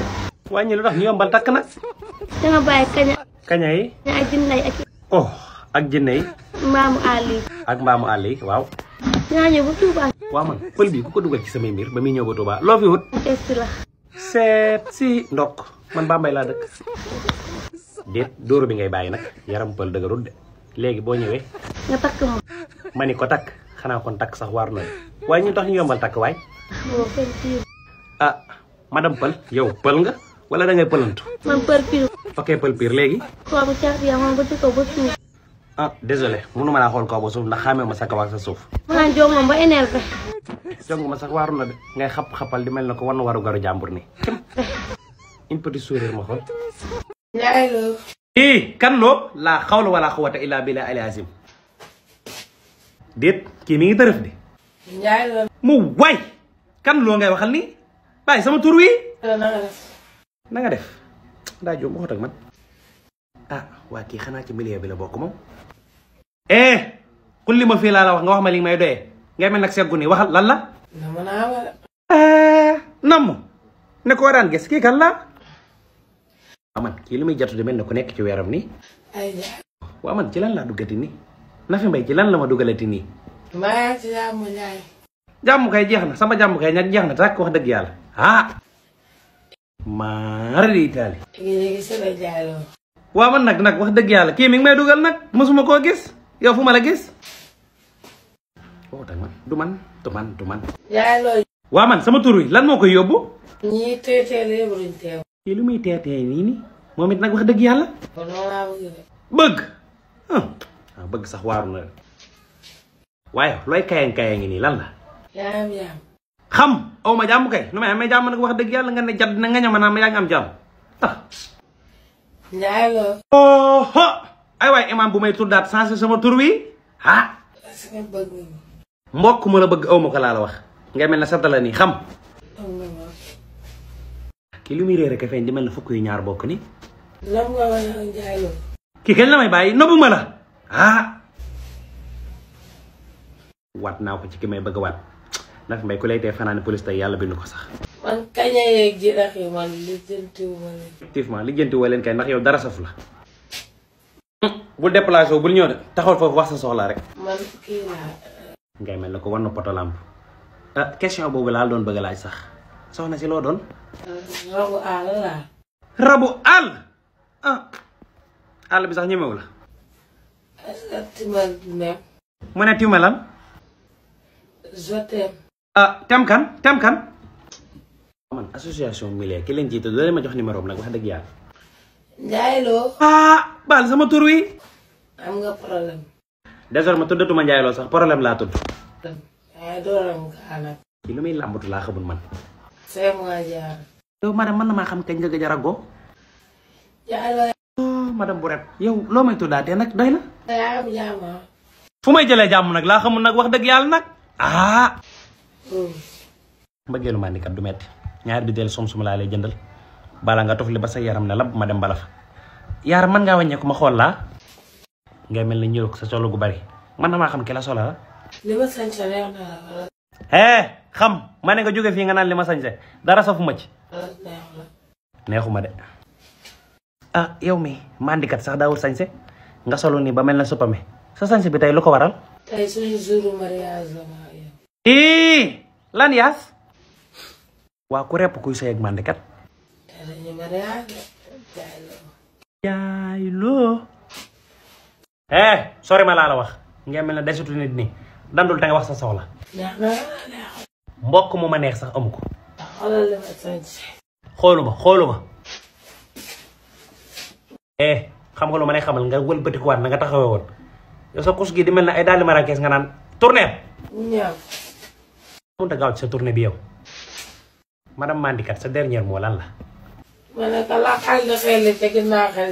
wàññi lu tax ñu yombal takk nag. dama bàyyi kaña. kaña yi. ak jinne ak. oh ak jinne yi. Ali. àll yi. ak mbaamu àll yi waaw. dinaa ñëw ba Touba. waaw man pël bi ku ko dugal ci samay mbir ba muy ñëw ba Touba loo fi wut. la. seet si ndok man Bambey laa dëkk. déet dóoru bi ngay bàyyi nag yaram pël dëgërul de léegi bo ñëwee. nga tak mo mané ko tak xana ko tak sax war na way ñu tax ñu yombal tak way ah madame pel yow pel nga wala da ngay pelantu man Pël pir faké pel pir léegi. ko bu yaa ya ba ci ko ba ah désolé mënu ma la xol ko ba suuf ndax xamé ma sa kaw sa suuf. maanaam jom mom ba énervé. jom ma sax war na de ngay xap xapal di mel ko wan waru garu jambour ni eh. une petite sourire ma xool kii kan lo la khawla wala khawata illa bila ali azim Dit, kii mi ngi tërëf di mu way kan lo ngay waxal ni Baik, sama turwi. wi na nga def da jom ak man ah waki kii xanaa ci milieu bi la eh xul li ma fii laa la wax nga wax ma li may ngay mel nag seggu nii waxal lan la eh namu ne geski daan kan la waman ki lu muy jartude mel ne ke cewek ci Aja. nii waa man ci lan laa duggati nii Nafi Mbaye ci lan la ma dugalati nii jam? ci jàmm Njaay jàmm kay sama jam kay ñag jeex na tàkk wax dëgg yàlla ah maara di itaali jalo waman nak nak wax dëgg Kini kii mi duga may dugal mau kau koo gis yow ya, aku malah la gis oh, man du man du man du man sama tur wi lan ke koy yóbbu ñii teetee lu muy tey tey nii nii moom it nag wax dëgg yàlla. bëgg. ah bëgg sax waaru na. waaye looy kayang kayang ngi nii lan la. yaam yaam. xam oh, aw ma jàmm kay nu may amee jàmm nag wax dëgg yàlla nga ne jadd na nga ñama naa ma yaa ngi am jàmm tax. Ndiago. Oh, ay waay imaam bu may dat sensé sama tur wi ah. mbokk ma la bëgg aw ma ko laa la wax. nga mel satala nii xam. kii li muy réer rek feeñ di mel na fokk yu ñaar bokk ni. lan ma la ah. waat naa ko ci ki may bëgg a waat ndax mbay ku lay tee fanaan police tey yàlla bind ko sax. man kañ a yeeg jirax yi man lijjantiwu ma leen. effectivement leen kay ndax yow dara saf la. Hmm, bul déplacé wu bul ñëw de foofu wax sa soxla rek. man kii laa. Euh, ngay mel ne ko war na poto làmp ah, question boobu laal doon bëgg laaj sax. soxna si Lodon. doon. rabu Al. rabu Al. ah bisa bi sax ñemewu la. mu ne tiw lan. ah tem kan tem kan. man association milieu ki leen jiite doo ma jox numéro nak wax dëgg Lo. ah bal sama turui. wi. am nga problème. désormais tuddatuma Ndiaye Lo sax problème lah tudd. Ada orang ram kaala. ci lu muy làmbatu xamul man. Saya mengajar. Yow, madam, mana namaa xam kañ nga gëj a ragoo. jaalo. madam bu rep yow loo may tuddaatee nag doy na. yaa am jàmm. fu may jëlee jàmm nag laa xamul nag wax ah. Hmm. bagian maa ndikat du metti ñaar bi del som suma laa lay jëndal bala nga tofli ba sa yaram ne lab ma dem bala fa yaar man ngaa wàññeeku ma xool laa. ngay mel ni ñëw sa solo gu bari man na xam ki la solo la. li na eh xam mana yang nga jóge fii nga Darah li ma sañse dara safuma ci neexuma ah yow mi mandikat sax daawul sañse nga solo nii ba mel na suppame sa sañse bi tey lu ko waral tey suñu jouru mariage la ma ii lan yaas waa ku repp kuy sëy ak mandikat yaay loo eh sorry ma laa la wax ngeen mel na nit nii dandul tengah nga wax sa soxla mbokk mu ma neex sax amu ko xooluma eh xam nga lu ma xamal nga wëlbatikuwaat na nga taxawee woon yow sa kus gi di mel ay daali marakees nga naan tournée mun ta gaaw ci sa bi yow madame Mandikat sa dernier mot lan la ma na xel xel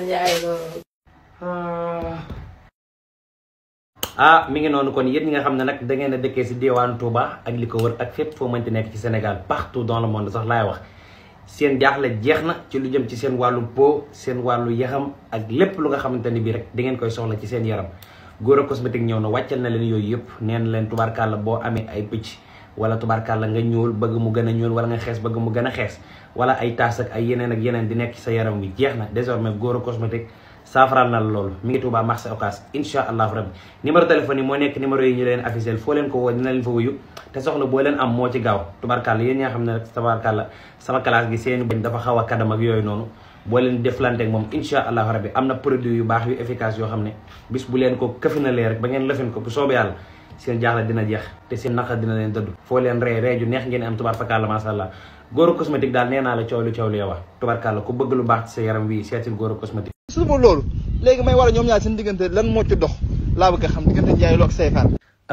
ah mi ngi noonu kon yéen ñi nga xam ne nag da ngeen a dëkkee si diwaan Touba ak li ko wër ak fépp foo mënti nekk ci Sénégal partout dans le monde sax laay wax seen jaaxle jeex na ci lu jëm ci seen wàllu po seen wàllu yaxam ak lépp lu nga xamante ni bii rek da ngeen koy soxla ci seen yaram góor Gora cosmétique ñëw na wàccal na leen yooyu yëpp neen leen tubaarkàlla boo amee ay pëcc wala la nga ñuul bëgg mu gën a ñuul wala nga xees bëgg mu gën a xees wala ay taas ak ay yeneen ak di nekk ci sa yaram wi jeex na désormais Gora cosmétique saafaraal na la loolu mi ngi Touba marché Ocass incha allahu rabbi numéro téléphone yi moo nekk numéro yi ñu leen affiché foo leen ko woo dina leen fa wuyu boo leen am moo ci gaaw tubarkàlla yéen a kadam yooyu noonu boo leen deflante ak moom incha allahu rabbi am na produit yu baax yu efficace yoo xam ne bis bu leen ko këfinalee rek ba ngeen lëfin ko bu soobee yàlla seen jaaxle dina jeex te seen naqar dina leen dëdd foo leen ree neex ngeen am tubarkàlla macha su ma loolu may wara ñom ñaar seen digënté lan mo ci dox la bëgg xam digënté ñay Lo ak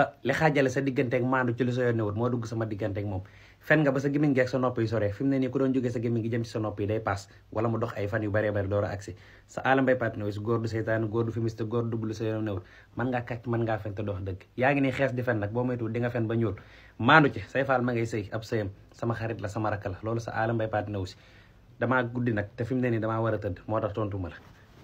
ah li xajalé sa ak mandu ci li so yoon wut mo dugg sama ak mom. fenn nga ba sa gimin gi ak sa noppi sore fi mu ne nii ku doon joggé sa gimin gi jëm ci sa noppi day pass wala mu dox ay fan yu bari bari doora aksi sa alam bay patinois góor du seytaan góor du fumiste góor du lu sa yoon wut man nga kàcc man nga fenn te dox deug yaa ngi nii di fenn nak bo maytu di nga fenn ba ñuul mandu ci say faal ma ngay sey ab seyem sama xarit la sama rakk lolu sa alam bay patino dama guddi nak te fi mu ne nii damaa war tontu ma la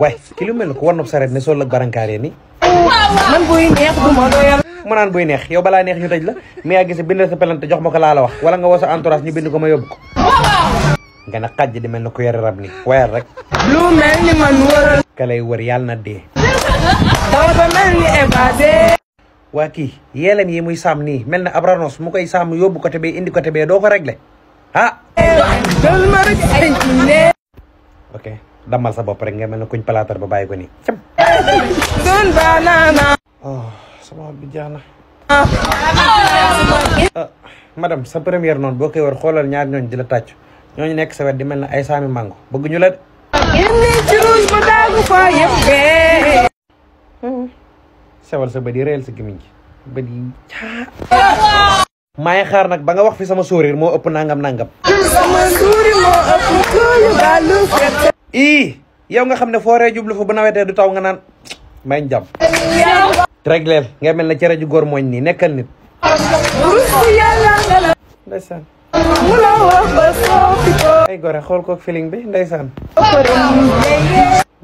way ki mel ko war na ne sol ak ni man buy neex du ma doyal ma naan neex yow balaa neex ñu tëj la mais yaa gis bindal sa pelante jox ma ko la wax wala nga woo sa entourage ñu bind ko ma yóbbu nga ne xàjj di mel na ku rab ni wayal rek lu mel ni man wëral ka lay wër na dee daw ba mel ni évasé waa yi muy saam abranos mu koy indi ko damal sa bop rek ngeen kuñ palater ba bàyyi ko nii cam banana oh sama bi ah, madam sa premier non boo war xolal ñaar ñooñu di la tàcc ñooñu nekk sa wet di melni ay sami mango bëgg ñu la sewal sa bët yi réel sa gémmiñ gi bët yi maay xaar nak ba nga wax fi sama sourire mo upp nangam nangam sama sourire mo upp ko moo ëpp i yow nga xamne fo fooree djublu fo bu nawetee du taw nga nan may njam regleel nga melni ci cere gor moñ ni nekkal nit ndeysaan ay gore xol ko feeling bi ndaysan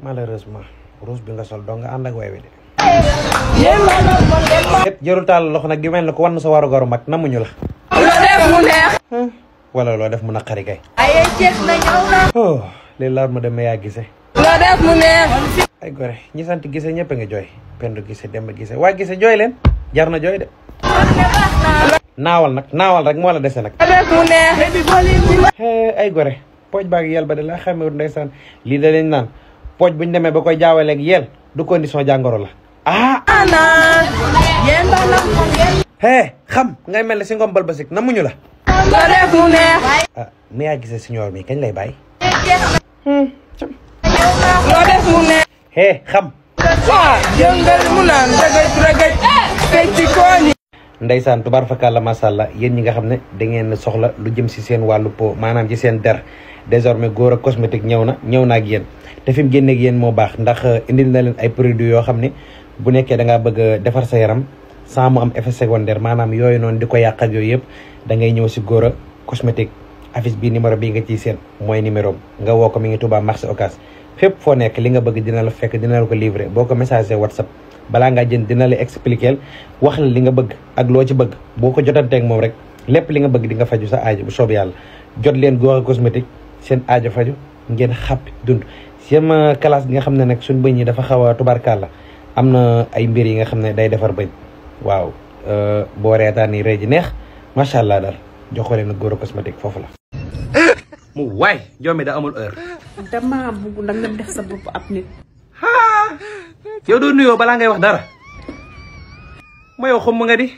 malheureusement rose bi nga sol do nga and ak way wi de lépp jërul taal loxo nag di mel ne ko wann sa waru goru mag namuñu la wala loo def mu naqari kay les larmes de Meya Guissé loo def ay gore ñi sant Guissé ñëpp a ngi jooy Pendo Guissé Demba gise waa gise jooy leen jar na jooy de naawal nag naawal rek moo la dese nag ay gore pooj baa ngi yel ba de la xamewut ndeysaan lii da leen naan pooj buñ demee ba koy jaawaleeg yel du condition jàngoro la ah hé xam ngay mel ne si ngom balbasik na muñu la ah Meya Guissé mi kañ lay bàyyi noo def mu ne masalla yen ñi nga xamne da ngeen soxla lu jëm ci seen walu po manam ci seen der désormais góor cosmétique ñewna ñewna ak yeen te fim gënne ak yeen mo bax ndax indil na leen ay produits yo xamne bu nekké da nga bëgg défar sa yaram sans mu am effet secondaire manam yoy non diko yaq ak yoy yëpp da ngay ñew ci góor cosmétique affiche bi numéro bi nga ci seen moy numéro nga woo ko mi ngi Touba marché Ocass fep fo nek li nga bëgg dina la fekk dina la ko livrer boko messager whatsapp bala nga jënd dina la expliquer wax la li nga bëgg ak lo ci bëgg boko jotante ak mom rek lepp li nga bëgg di nga faju sa aaji bu soob yalla jot leen goor cosmétique seen faju ngeen xap dund sama uh, classe nga xamne nak suñu bëñ ni dafa xawa a amna ay mbir yi nga xamne day defar bëñ waaw ni uh, reej neex machallah dal daal joxoo la mu waay jommi da amul heure. dama bugg nag nga def sa bop ap nit. ha yow do nuyo bala ngay wax dara. ma yow xom nga di.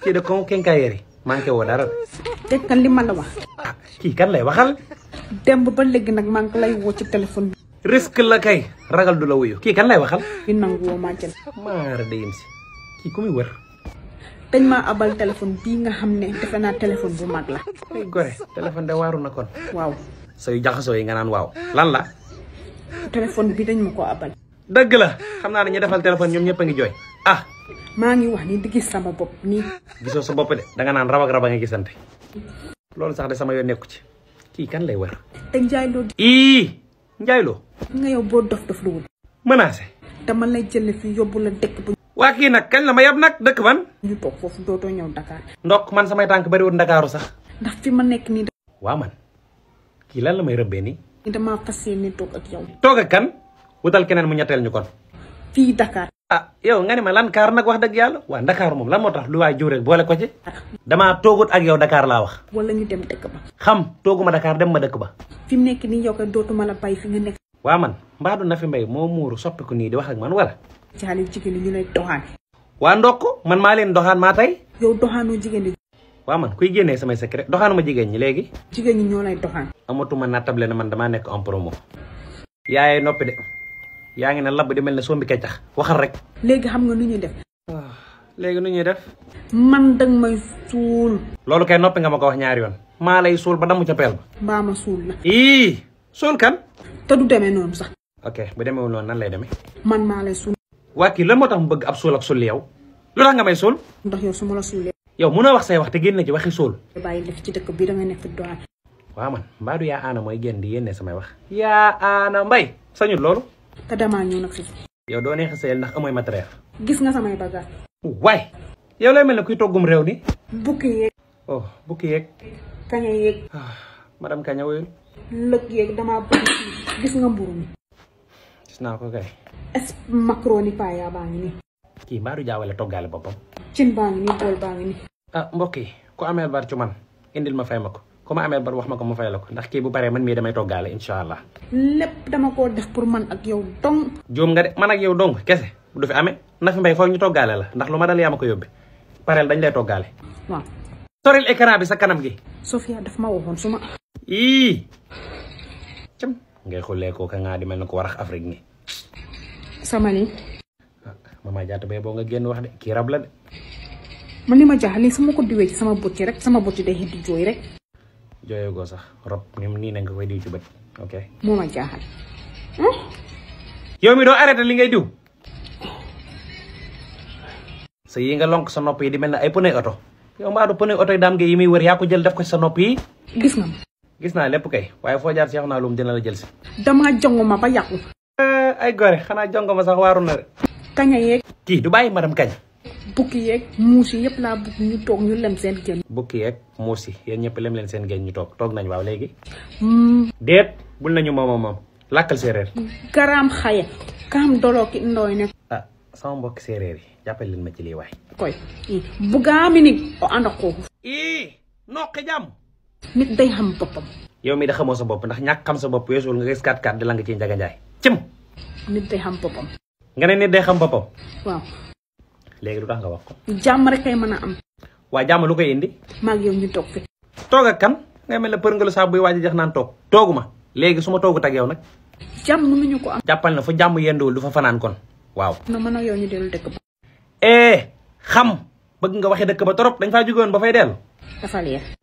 kii de kon ken kayere manke wo dara. te kan li ma la wax. Ah, ki kan lay waxal. demb ba léegi nak maa lay wo ci telephone risque la kay ragal dula wuyu. ki kan lay waxal. di nangu woo maa jël. maar de yim si kii ku muy wër dañ ma abal téléphone bi nga xamné ne téléphone bu mag la. goré téléphone da waru na kon. waaw. sooy jaxaso yi nga nan waw lan la. téléphone bi dañ mako abal. deug la xamna ni ñi defal téléphone ñom ñepp nga joy ah. ma ngi wax ni di gis sama bop ni gisoo sa bop de da nga nan rabak rabak nga gisante. lolu sax de sama yo neeku ci ki kan lay wër te Ndiaye Lo. i. Ndiaye Lo. nga yow bo dof dof lu wul. menacer dama lay jël fi yobul la dekk bu waki nak kan kañ la ma yab nag dëkk ban. ñu toog foofu dootoo ñëw Dakar. ndok man samay bari won Ndakaaru sax. ndax fi ma nek ni wa man ki lan la may rëbbee nii. damaa fas yéene ak yow. toog ak kan wutal keneen mu ñetteel ñu kon. fii Dakar. ah yow nga ni ma lan kar nak wax dëgg yalla wa Dakar mom lan motax lu way jiw rek bolé ko ci. dama togut ak yow Dakar la wax. wala ñu dem dekk ba. xam toguma Dakar dem ma dekk ba. fi mu nekk nii yow kay dotuma la bay fi nga nek wa man mbaadu na fi mbay mo muru soppiku ni di wax ak man wala ci xale jigen ni ñu lay doxaan ndokk man ma leen doxaan ma tay yow doxaanoo jigen ni wa man kuy génnee sama secret doxaanuma jigéen ñi léegi jigéen ñi ñoo lay doxaan amatuma nattable na man dama nek en promo yaay noppi de yaangi na ne di mel sombi keccax waxal rek legi xam nga nu ñuy def ah, legi nu ñuy def man dang may sul lolu kay noppi nga mako wax ñaar yoon ma lay sul ba damu ca pel ba ma sul la ii sul kan ta du demee non sax ok bu demewul non nan lay demee man ma lay sul Wakil lan motax mu bëgg ab suul ak sul yow lu tax nga may suul ndax yow suma la suulee yow mënoo wax say wax te genn ci waxi suul baye def ci dëkk bi da nga nekk doon man mbaa ya ana moy genn di yénne samay wax ya ana mbay sañul loolu ta dama ñu nak fii yow do neex sayel ndax amoy matériel gis nga samay bagage way yow lay melni kuy togum rew ni buki yek oh buki yek kanya yek ah, madame kanya woyul lekk yek dama bëgg gis nga mburu నా es macaroni paya బాంగిని kii mbaaru jaawale toggaale boppam togal bopam cin nii bool baa ngi nii ah mbokki ko amel bar ci man indil ma fay mako ko ma amel bar wax mako mu fay lako ndax ki bu bare man mi damay togal inshallah allah dama ko def pour man ak yow dong jom nga de man ak yow dong kese du fi amé na mbay fo ñu togalé la ndax luma ma dal yaa ko dañ lay togalé wa toril écran bi sa kanam gi Sofia daf ma waxoon suma ii Cem ngay xolé ko ka nga di melni ko warax afrique ni sama ni mama jatt be bo nga genn wax de kii rab la de man li ma jaaxal sama ko diwe ci sama bët rek sama bët yi day xiddi jooy rek joyo go sax nim ni nii nga koy diw ci bet ok moo ma jaaxal yow mi do arrêté li ngay diw sa yi nga lonk sa nopi di melni ay pneu auto yow ma do pneu auto dam daam yi wër ya ko jël def ko sa nopi gis na gis na lepp kay waye fo jaar cheikh na lum dina la jël si damaa jonguma ba yakku Eh, ay gore xanaa jongama sax waaroon na rek. kaña yeeg. kii du bàyyi madame kañ. bukki yeeg muus yi yëpp laa bugg ñu toog ñu lem seen génn. bukki yeek muus yi yéen ñëpp lem leen seen génn ñu toog toog nañ waaw léegi. Mm. déet bul nañu moom moom làkkal séeréer. garaam xaye kaam doloki ndooy ne. ah sama mbokk séeréer yi jàppale leen ma ci lii waay. koy bugaami ni o ànd ak kooku. ii noqi jàmm. nit day xam boppam. yow mi da xamoo sa bopp ndax ñàkk xam sa bopp weesuwul nga gis 4 4 di la nga cëm. nit day xam boppam. nga nit day xam boppam. waaw. léegi lu tax nga wax ko. jàmm rek kay mën a am. waa jàmm lu koy indi. maag yow ñu toog fi. toog ak kan ngay mel ne përngalu saa buy waaj a jeex naan toog. toogu ma léegi su ma toogut ak yow nag. jàmm mënuñu ko am. jàppal na fu jàmm yenduwul du fa fanaan kon waaw. non man ak yow ñu dellu dëkk ba. eh xam bëgg nga waxee dëkk ba trop dañ faa jóge woon ba fay dellu. dafa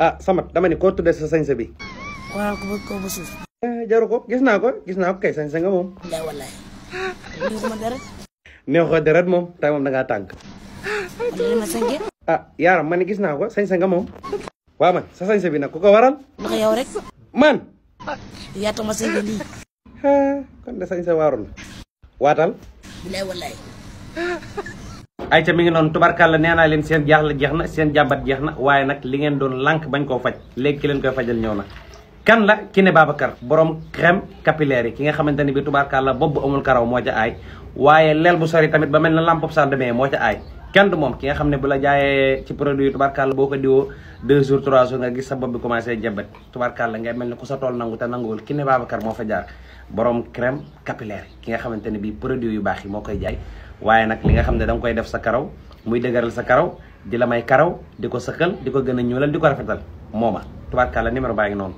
a ah, Samat dama ni koo sa sañse bi. Eh, jaru ko gis naa ko gis naa ko kay sañse nga moom. ndax walaay. neexuma deret. neexoo deret moom tey moom da ngaa tànk. ah yaaram ma ne gis naa ko sañse nga moom. waaw man sa sañse bi nag ku ko waral. ndax man. yaa ma sañse lii. Ah, kon de sañse waaru na waatal. ndax walaay. ay ca mi ngi non tubarkalla neena len sen jaxla jaxna sen na jaxna waye nak li ngeen doon lank bagn ko faj leg ki len koy fajal ñewna kan la ne babakar borom crème capillaire ki nga xamanteni bi tubarkalla bopp bu amul karaw mo ca ay waye lel bu sori tamit ba mel na lampob sa demé mo ca ay kan du mom ki nga xamne bu la jaayé ci produit yi tubarkalla boo ko jours 3 jours nga gis sa bobu commencé jabat tubarkalla ngay melni ku sa tool nangu te ki ne babakar mo fa jaar borom crème capillaire ki nga xamanteni bi produit yu bax yi mo koy jaay waye nak li nga xamne dang koy def sa karaw muy sa karaw di may karaw di ko sëqal di ko gën di ko numéro baa ngi noonu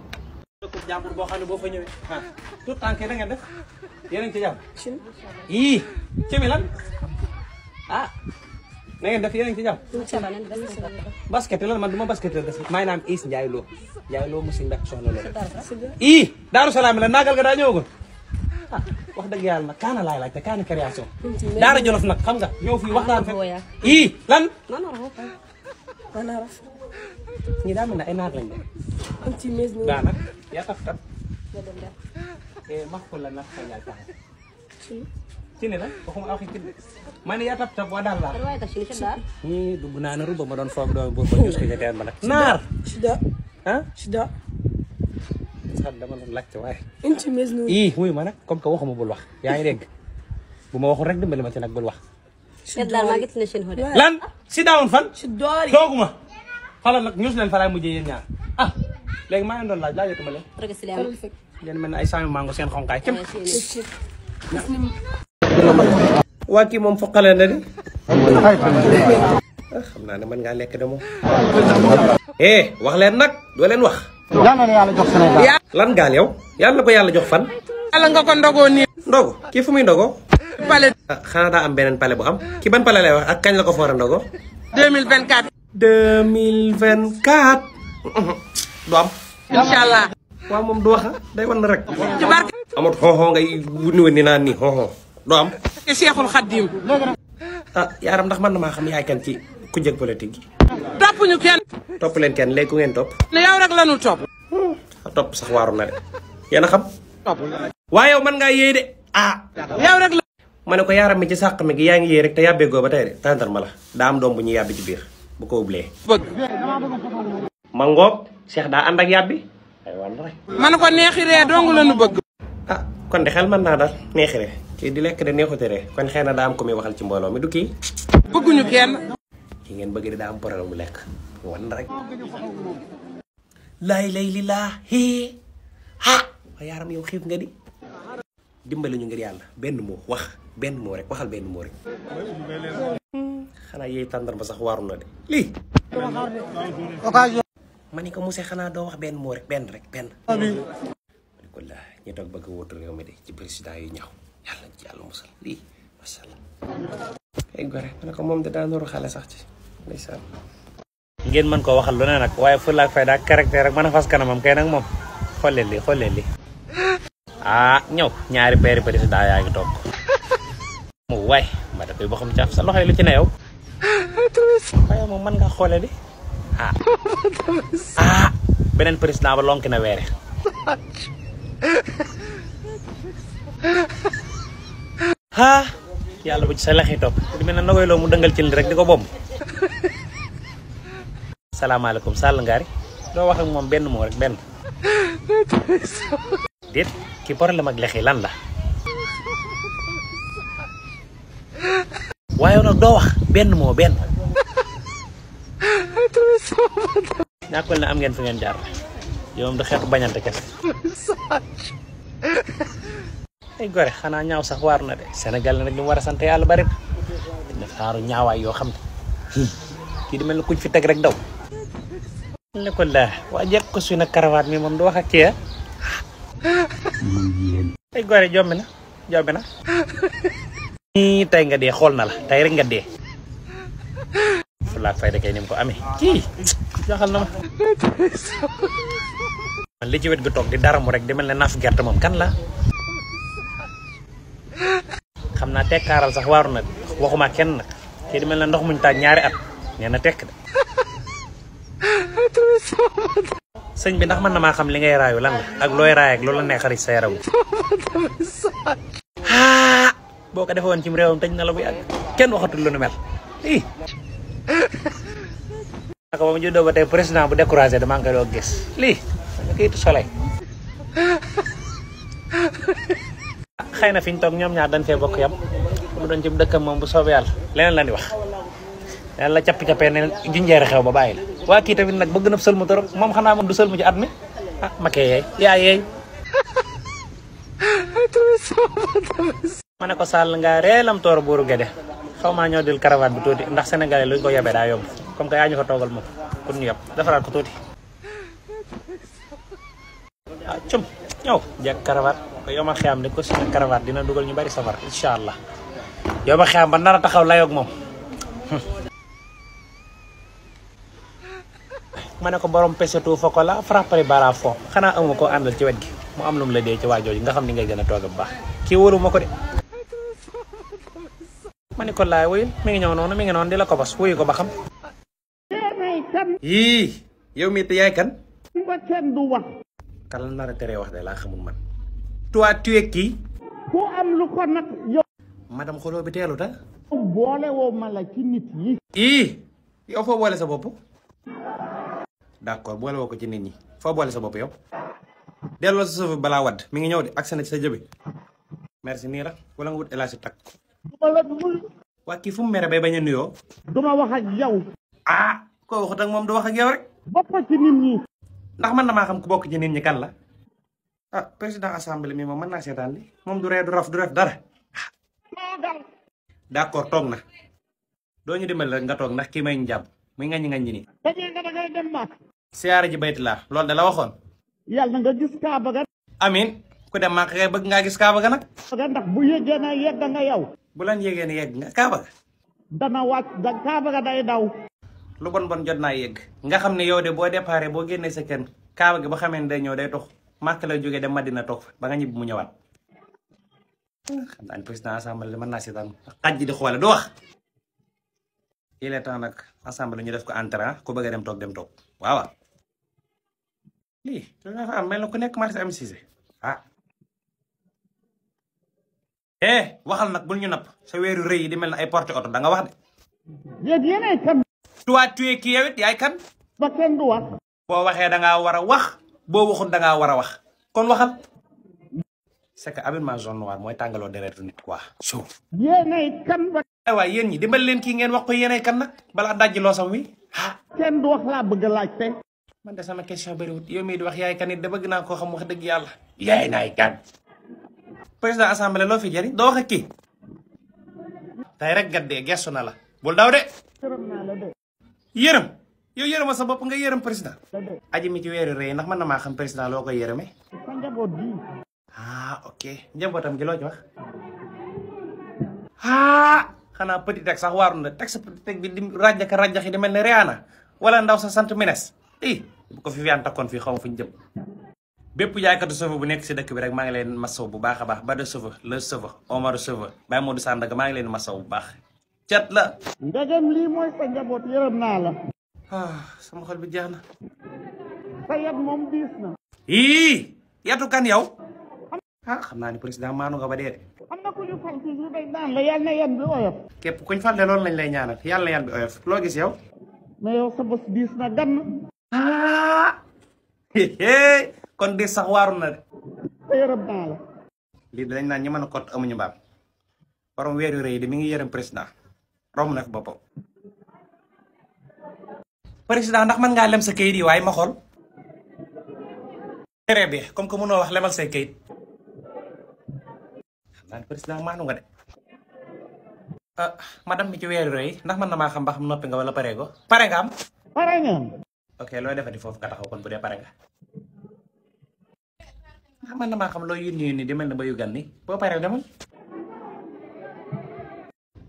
jampur jàmbur boo xam fa ñëwee ah tout temps da ngeen def ci ci mi lan ah na ngeen def yéen a ngi ci jàmm basket lan man du ma basketeur Is Ndiaye Lo Ndiaye Lo mu si mbekk soxna ii daru Salaam la naagal nga daa wax deug yalla kan kaana laay laaj te kan création dara jollof nak xam nga ñëw fi waxtaan fe yi lan manaraf ñi daa mel ne ay naar lañ de daanag ya taf taf ya dem da e max ko la nak fa ñaal ci cine la waxuma ak ci man ya taf taf wa taf waa daal laa ñii na na ru ba ma don fogg do bo ko jus ko ca nak nar ci da ha ci da sax dama doon laajte waaye. intimise noonu ii wuyu ma nag comme que waxuma bul wax yaa ngi dégg bu ma waxul rek dimbali ma ci nag bul wax. si daal maa ngi tënk seen xol lan si daawoon fan. si door yi dooguma. xoolal nag ñus leen fa laay mujjee yéen ñaar ah léegi maa ngi doon laaj laajatuma leen. rek si leen ngeen mel ne ay saami mango seen xonkaay cëm. waa kii moom foqale na de. Ah, xam naa ne mën ngaa lekk de moom. eh wax leen nag doo leen wax. yàlla na lan gaal yow yàlla na ko yàlla jox fan. yàlla nga ko ndogoo nii. ndogu kii fu muy ndogoo. palais. Ah, xanaa daa am beneen palais bu am ki ban palais lay wax ak kañ la ko foora ndogoo. 2024. 2024. du am. incha allah. waaw moom du wax ah. day wan rek. ci barke. amut ah, ndax man na maa xam yaay kan ci ku njëg politique yi. Top ñu kenn. Top leen kenn léegi ku ngeen top ne yaw rek la hmm, top top sax waru ya na de a xam. top waaye yow man nga yéey de ah. yaw rek la. Tahan termalah. ko dong mi ci sax mi gi Buku. ngi yéey rek ta yabbe go ba tay de tantar mala da am bu ci biir bu ko Cheikh da ak ay rek. neexi re dong la ñu bëgg. ah kon de xel man na dal neexi re ci di lek de neexute ree kon xëy da am ko mi waxal ci mbolo mi du bëggu ñu kenn yi ngeen bëgg dina am problème mu lekk wan rek lay lay lila hi ha wa yaaram yow xif nga di dimbali ñu ngir yalla benn mo wax benn mo rek waxal benn mo rek xana yey tandar ba sax waru na de lii ma ni ko monsieur xanaa doo wax benn mo rek benn rek benn ma ni ko laa bëgg wotul rew mi de ci président yu ñaw yalla ci yalla musal lii macha allah ay gore ma ne ko moom de da nooru xalé sax ci ndeysaan ngeen man ko waxal lu ne nak waye fu la fay da caractère ak mën a fas kanamam kay nak mom xolel li xolel li ah ñëw ñaari peeri président da ngi tok mu way ma da koy boo xam caaf sa loxo lu ci neew yow mo man nga xolel li ah ah beneen président ba lonki na weere ah yàlla bu ci sa laxi yi di mel ne ndogoy loo mu dëngal ci li rek diko bom salaamaaleykum sal Ngari do wax ak mom benn mo rek benn. dit ki problème ak lexi lan la. wayo nak do wax benn mo benn. ñàkkul na am ngeen fu ngeen jaar yoom da xet bañante kess ay gore xana ñaaw sax war na de senegal nak li wara sante yalla bari na. dina ñaaway yo xam hmm. di melni kuñ fi tek rek daw. Alhamdulillah waajal ko suñu karawaat mi moom hakia. wax ak kii ah. tey gore jombi na jombi na. nii tey nga dee xool na la tey rek nga dee. fulaak fayda kay ni mu ko amee kii joxal na di dara mu rek di mel ne naaf kan la. xam naa tekkaaral sax waaru na waxuma kenn nag kii di at sëñ bi ndax mën na maa xam li ngay raayu lan la ak looy raay ak loola neexari sa yaram boo ko defoon cim réewam tëj na mel Ih. naka ba mu juddoo ba tey président nah, bu découragé damaa ngi guys. doog gis lii danga Hai. soleil xëy na fi ñu toog ñoom ñaar dañ fee bokk yàlla cappi cappee ne junjeere xew ba bayil wa ki tamit nak bëgg na sëlmu torop mom xana moom du mu ci atmi ah ma yay yeey yay mané ko sal nga reelam tor buru gede xawma ñoo dil cravate bu tuuti ndax sénégalais luñ ko yabé da yomb comme que yañu ko togal mo ku kun ñu yeb defaraat ko tuuti ah chum yow jekk cravate ko yoma xiyam ne ko sina cravate dina duggal ñu bari safar inshallah yoma xiyam ba nara a taxaw layoog mom mané ko borom pesetu fa ko la frappé bara fo xana amu ko andal ci wet mu am lu la dé ci waajooju nga xam ni ngay gëna a bu baax ki wolu mako dé mané ko lay woy mi ngi ñëw nonu mi ngi non di la ko bass woy ko ba xam yi yow mi te yaay kan ko sen du wax kala na a téré wax dé la xamul man toi tu es qui ko am lu ko nak yow madame xolo bi télu ta ah? boole wo mala ci nit yi yi yow fo boole sa bop d'accord bo woo ko ci nit ñi foo boole sa bop yow delloo sa sofu balaa wadd mi ngi ñëw di accès na ci sa jëbé merci ni la wala nga wut elage takk waa kii fu mu bay baña nuyo duma wax ak yow ah ko waxut ak mom du wax ak yow rek bop ci nit ñi ndax man dama xam ku bok ci nit ñi kan la ah président assemblée mi moom mën naa seetaan li mom du réd du raf du ref dara d'accord tok na do ñu dimbali nga tok ndax ki may ñu jàpp muy ngañ ngañ ni siara ji la lol da la waxon yalla nga gis kaaba ga amin ku dem mak re beug nga gis kaaba ga nak ga ndax bu yegge na yegga nga yaw bu lan yegge ne yegga nga kaaba ga dana wàcc da kaaba ga day daw lu bon bon jot na yegg iya, nga xamne yow de bo déparé bo genné sa kenn kaaba ga ba xamee day ñow day tok mak la joggé dem Madina tok ba nga ñib mu ñewat xamna ah, naa ne président assemblée man na seetaan xaj ji di xolé du wax il est temps nak assemblée ñu def ko entrant ah. ku bëgg dem tok dem toog waaw lii danga fa am mel na ku nekk marché am Cissé ah eh waxal nag bul ñu napp sa weeru rëy yi di mel na ay porte oto da nga wax de yéeg yéenay kan tuwaa tuye ki yow it yaay kan ba kenn du wax boo waxee dangaa war a wax boo waxul dangaa war a wax kon waxal c'est que habillement jaune noir mooy tàngaloo deretu nit quoi so yéenay kan ba waaye yéen ñi dimbal leen kii ngeen wax ko yéenay kan nag balaa dajji loo sam wi ah kenn du wax laa bëgg laaj te man da sama question bariwut yow mii di wax yaay kanit da bëgg naa ko xam wax deug yalla yaay nay kan président assemblée lo fi jëriñ do wax ki tay rek gadde gesso na la bul daw de yërëm yow yërëma sa bop nga yërëm président aji mi ci wéru rëy ndax man na ma xam président lo koy yërëme eh? ah ok njabotam gi lo ci wax ha ah, xana petit tek sax waaru na teg sa petit tek bi di rajja xi di melni reana wala ndaw sa sante Mines i bu ko fi wiyaan takkoon fii xaw ma fu ñu jëm bépp jaaykatu chauffeur bu nekk si dëkk bi rek maa ngi leen masaw bu baax a baax Bada chauffeur le chauffeur Omar chauffeur Baye Modou maa ngi leen masaw bu baax cat la ndegem lii mooy sa njaboot yërëm naa la ah, sama xol bi jeex na sa moom diis na ii yatu kan yow ah xam naa ni président maanu nga ba dee de am na ku ñu fal toujours day daan bi oyof képp kuñ fal de loolu lañ lay ñaanal yàlla na yan bi oyof loo gis yow mais sa bés diis na gann Ah! kon de sax warner. na de lii kot amuñu mbaam borom weer yu de mi ngi yërëm président romb ndax man lem sa kayit yi waaye ma xool très bien comme que mënoo wax lemal say kayit nga de ah eh, madame mi ci ndax man na xam ba xam Okay, lo ada kadi fof kata ko kon kan bu dé paré nga xamal na ma xam lo yuni yuni di melni ba yu ganni bo paré demal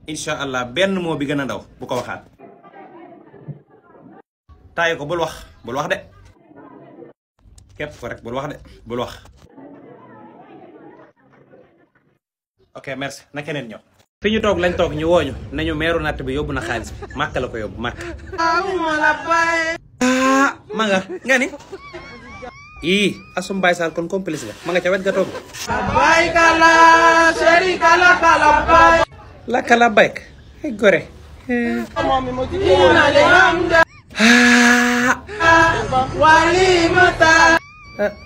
inshallah ben mo bi gëna ndaw bu ko waxat tay ko bul wax bul wax de kep ko rek bul wax de bul wax ok merci na keneen ñëw fi ñu lañ toog ñu wooñu nañu meeru natt bi yóbbu na xaalis ko Ah, mangga, nih? Ih, asum bayi sal kon kompilis ga. Mangga cewek gatong. Labbaik kala syari kala kala bay. Eh, la kala baik. Hey gore.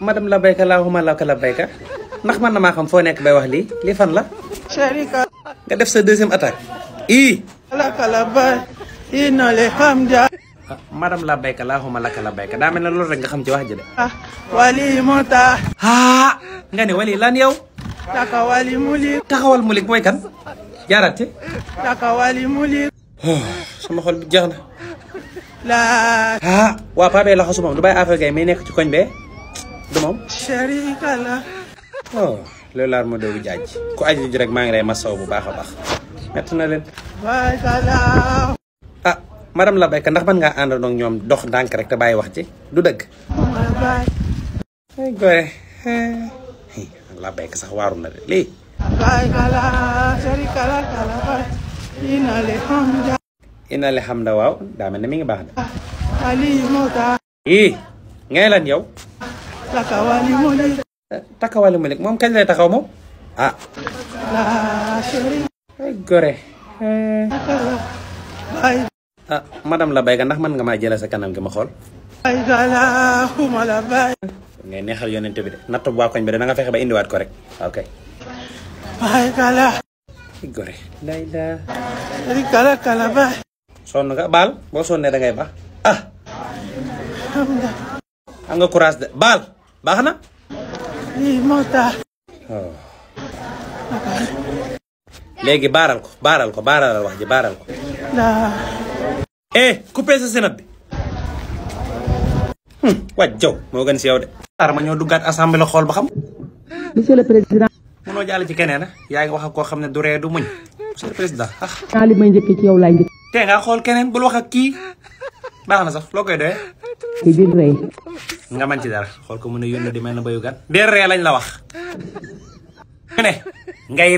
Madam labbaik Allahumma la kala baik. Ndax mana makam? ma xam fo nek bay wax li li fan lah. sharika nga def sa deuxième attaque i la kala bay inna le madam la bayka la huma lak la bayka mel ne loolu rek nga xam ci wax ji de. Ah, wali mota ha nga ne wali lan yow. taxawali mulik. taxawal muli moy kan. jaaraat ci. taxawali mulik. sama xol jeexna la ha wa ah be la xasu moom du bay affaire gay may nek ci koñ be du mom sharika la. oh loolu laal do doogu jaaj ku aji ji rek ma ngi lay massaw bu baax bax metna len na leen maram la bay ka ndax man nga ngaa àndandoo ñom dox dank rek te bàyyi wax ci du deug ay goye la bay ka sax waru na de lii. ina li xam da waaw daa mel ne mi ngi baax de. yi ngay lan yow. takawali mulik. takawali mulik mom kañ lay taxaw mom ah. la ay goré gore ah madame la bayga ndax man nga ma jela sa kanam gi ma xool. ngay neexal yonente bi de natt bu waa koñ bi de nga fexé ba wat ko rek ah, ok. igore layla daa. kala kala ba. son nga bal bo sonnee da ngay ba ah. nga courage de bal baxna yi oh. mota moo baral ko baral ko baral wax ji baral ko eh kupes pesa sénat bi hmm waj jaw mo gën kan ci de Tar ma ñoo duggat assemblée xol ba xam monsieur le président mëno jall ci na, eh? yaay nga wax ak ko xamne ya, du rédu muñ monsieur le président ah tali may ñëk ci yow lay ñëk gitu. té nga xol kenen bu wax ak ki baax sax lo koy doy. ci di rey. nga man ci dara xol ko mëna yonu di na bayu gan lañ la wax ne ngay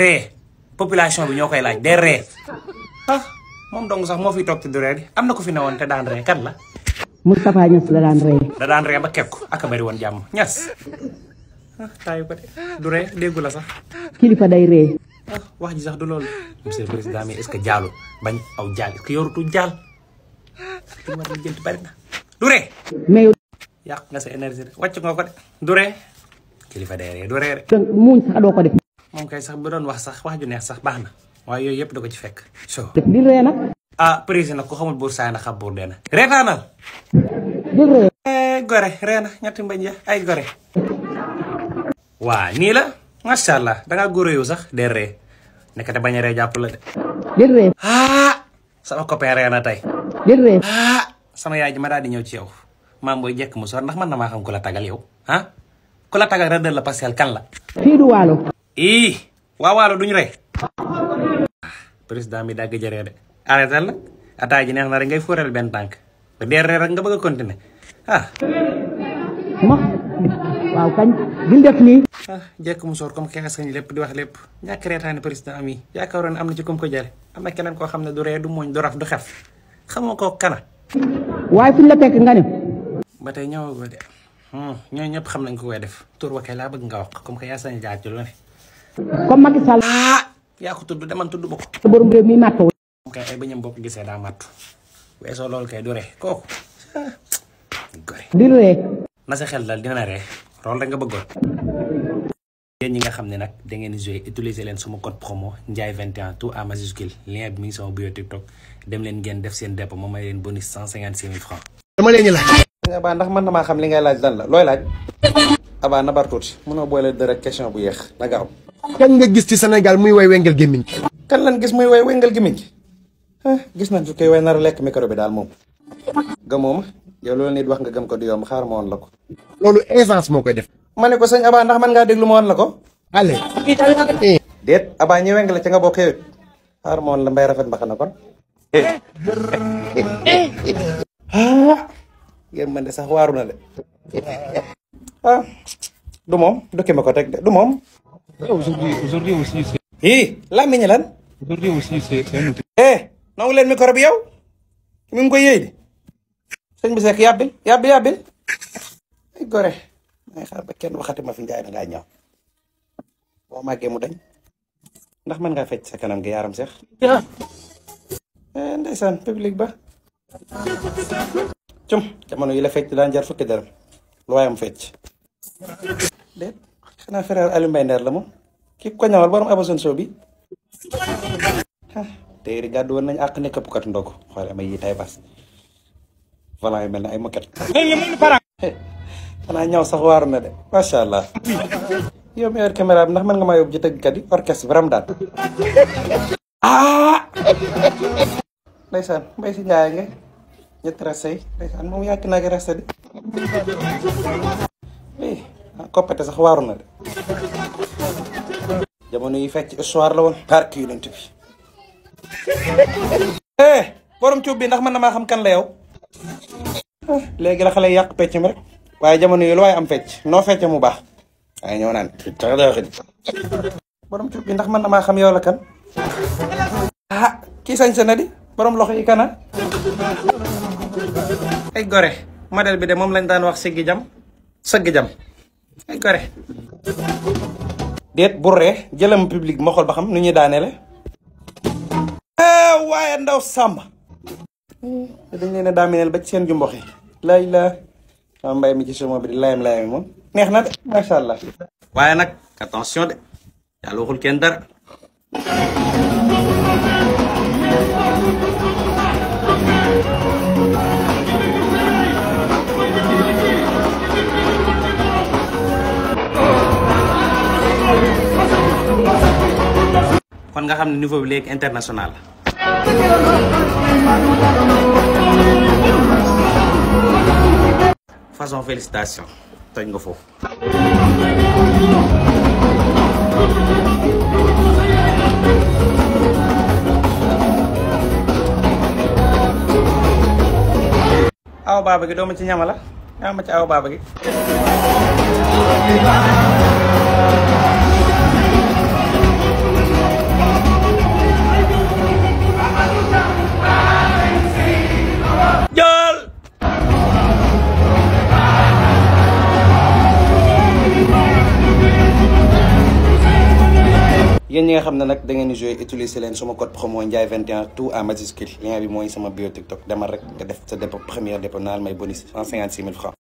population bi ñokay laaj der ah mom dong sax mo fi toog ci dure bi am ko fi newon te daan ree kan la. Moustapha Niass la daan ree. da daan ree ba kekk ak bari won jamm ñass Niass. ko de du ree la sax. kilifa day ree. Ah, wax ji sax du lol monsieur le président mais est ce que jallu bañ aw jall ki yorutu jall ci ma a jent bari na dure mais. yàq nga sa énergie rek wàcc ngoko de dure kilifa day ree dure rek muñ sax do ko def. mom kay sax bu doon wax sax wax ju neex ya, sax baxna Wah, yo, yëpp da ko ci fekk so dil ah président aku xamul buur saay na xam buur Reva na reetaanal Eh, goreh. gore ree na ñetti mbañ ya ay gore waa nii la macha allah da ngaa góor yow sax dee ah sama kopi rena na dil ah sama yaay ji ma daal di ñëw ci yow maam booy jekk mu sor ndax man na xam tagal yow ah ku la tagal rek la pasel kan la du ii waa waalo président bi dagg jëree de arrêté la ataa ji neex na rek ngay fóoreel benn tànk te deeree rek nga bëgg a ah. ma waaw kañ li def nii. ah jekk mu soor comme xeexas kañ lépp di wax lépp ñàkk ne président am yi yaakaaroon am na ci comme ko jële am na keneen koo xam ne du ree mooñ du raf du xef xamoo ko kana. waaye fi la teg nga ne. ba tey ñëwagoo de hmm, ñooñu ñëpp xam nañ ko koy def tur wa kay laa bëgg nga wax comme que yaa sañ jaar ci lu ne. comme yaa ko tudd deman tudd ma ko. sa borom réew mi màtt wu. kay ay bëñam boo ko gisee daa màttu weesoo loolu kay du ree kooku ah, gore. di ree. na sa xel dal dina ree loolu rek nga bëggoon. yéen ñi nga xam ne nag da ngeen di jouer utiliser leen suma code promo Ndiaye 21 tout en majuscule lien bi mi ngi sama bio TikTok dem leen ngeen def seen dépôt moom a leen bonus 156 000 francs. dama leen ñu laaj. Aba ndax man damaa xam li ngay laaj lan la looy laaj. Aba nabar tuuti munoo boole dara question bu yéex na kan nga gis ci senegal muy way wengal gémmiñ kan lan gis muy way wengal gémmiñ ah gis nañ su koy way nara lek lekk micro bi dal mom gamom yow loolu nit wax nga gam ko di yom xaar mo won lako ko essence moo def mané ko sëñ Aba ndax man nga deglu mo won lako ko allez eh. déet Aba ñi wengal ci nga bokk yow xaar mo won la mbay rafet mbax na kon eh. eh. ah. yéen man de sax waru na le ah du mom du ma ko tek de du mom aujourd'hui aujourd'hui aussi c'est hi lamiñ lan aujourd'hui aussi c'est un outil eh nangu len micro bi yow mi ngi koy yeey di señ bi sek yabil yabil yabil ay gore may xaar ya eh ndaysan public ba cum cuman yi la fecc daan jar dalam. dara yang wayam fecc det xanaa frère Aliou Mbaye Nder la moom ki ko ñawal borom abason so bi tey rek gàddu woon nañu àq ne këpp kat ndog xoole ma yi tay bass wala ay mel ay moket ana ñaw sax war na de macha allah yow mi caméra ndax man nga maa yóbbu ci tëggkat yi orchestre bram ram ah ndeysaan may si ñaay nga ñetti rase yi ndeysaan yak na naa ko de Kopet sax waaru na de jamono yi fecc histoire la park bi eh borom ciub bi ndax man na xam kan la yow eh, legui la xale yak pecc rek waye jamono yi lu am fecc no fecc mu bax ay ñew naan borom ciub bi ndax man na xam yow la kan ah sañ sa na di borom loxe yi kana ah? ay gore model bi de mom lañ daan wax siggi jam segi jam ay gore déet bu ree jëlam public ma xool ba xam nu ñuy daaneele eh, waaye ndaw sàmba mm. dañ leen a daamineel ba ci seen jumbox yi laay la sama mbay mi ci sama bi di layam layam moom neex na de macha allah waaye nag attention de yàlla waxul kenn dara kon nga xam ne niveau bi léegi international la. façon félicitation toj nga foofu. aw baaba gi dooma ci ñamala ñaama ci aw baaba gi yéen ñi nga xam ne nag da ngeen di jouer leen sama code promo Ndiaye 21 tout en majuscule lien bi mooy sama bio TikTok demal rek nga def sa dépôt première dépôt naal may bonus 156 000 francs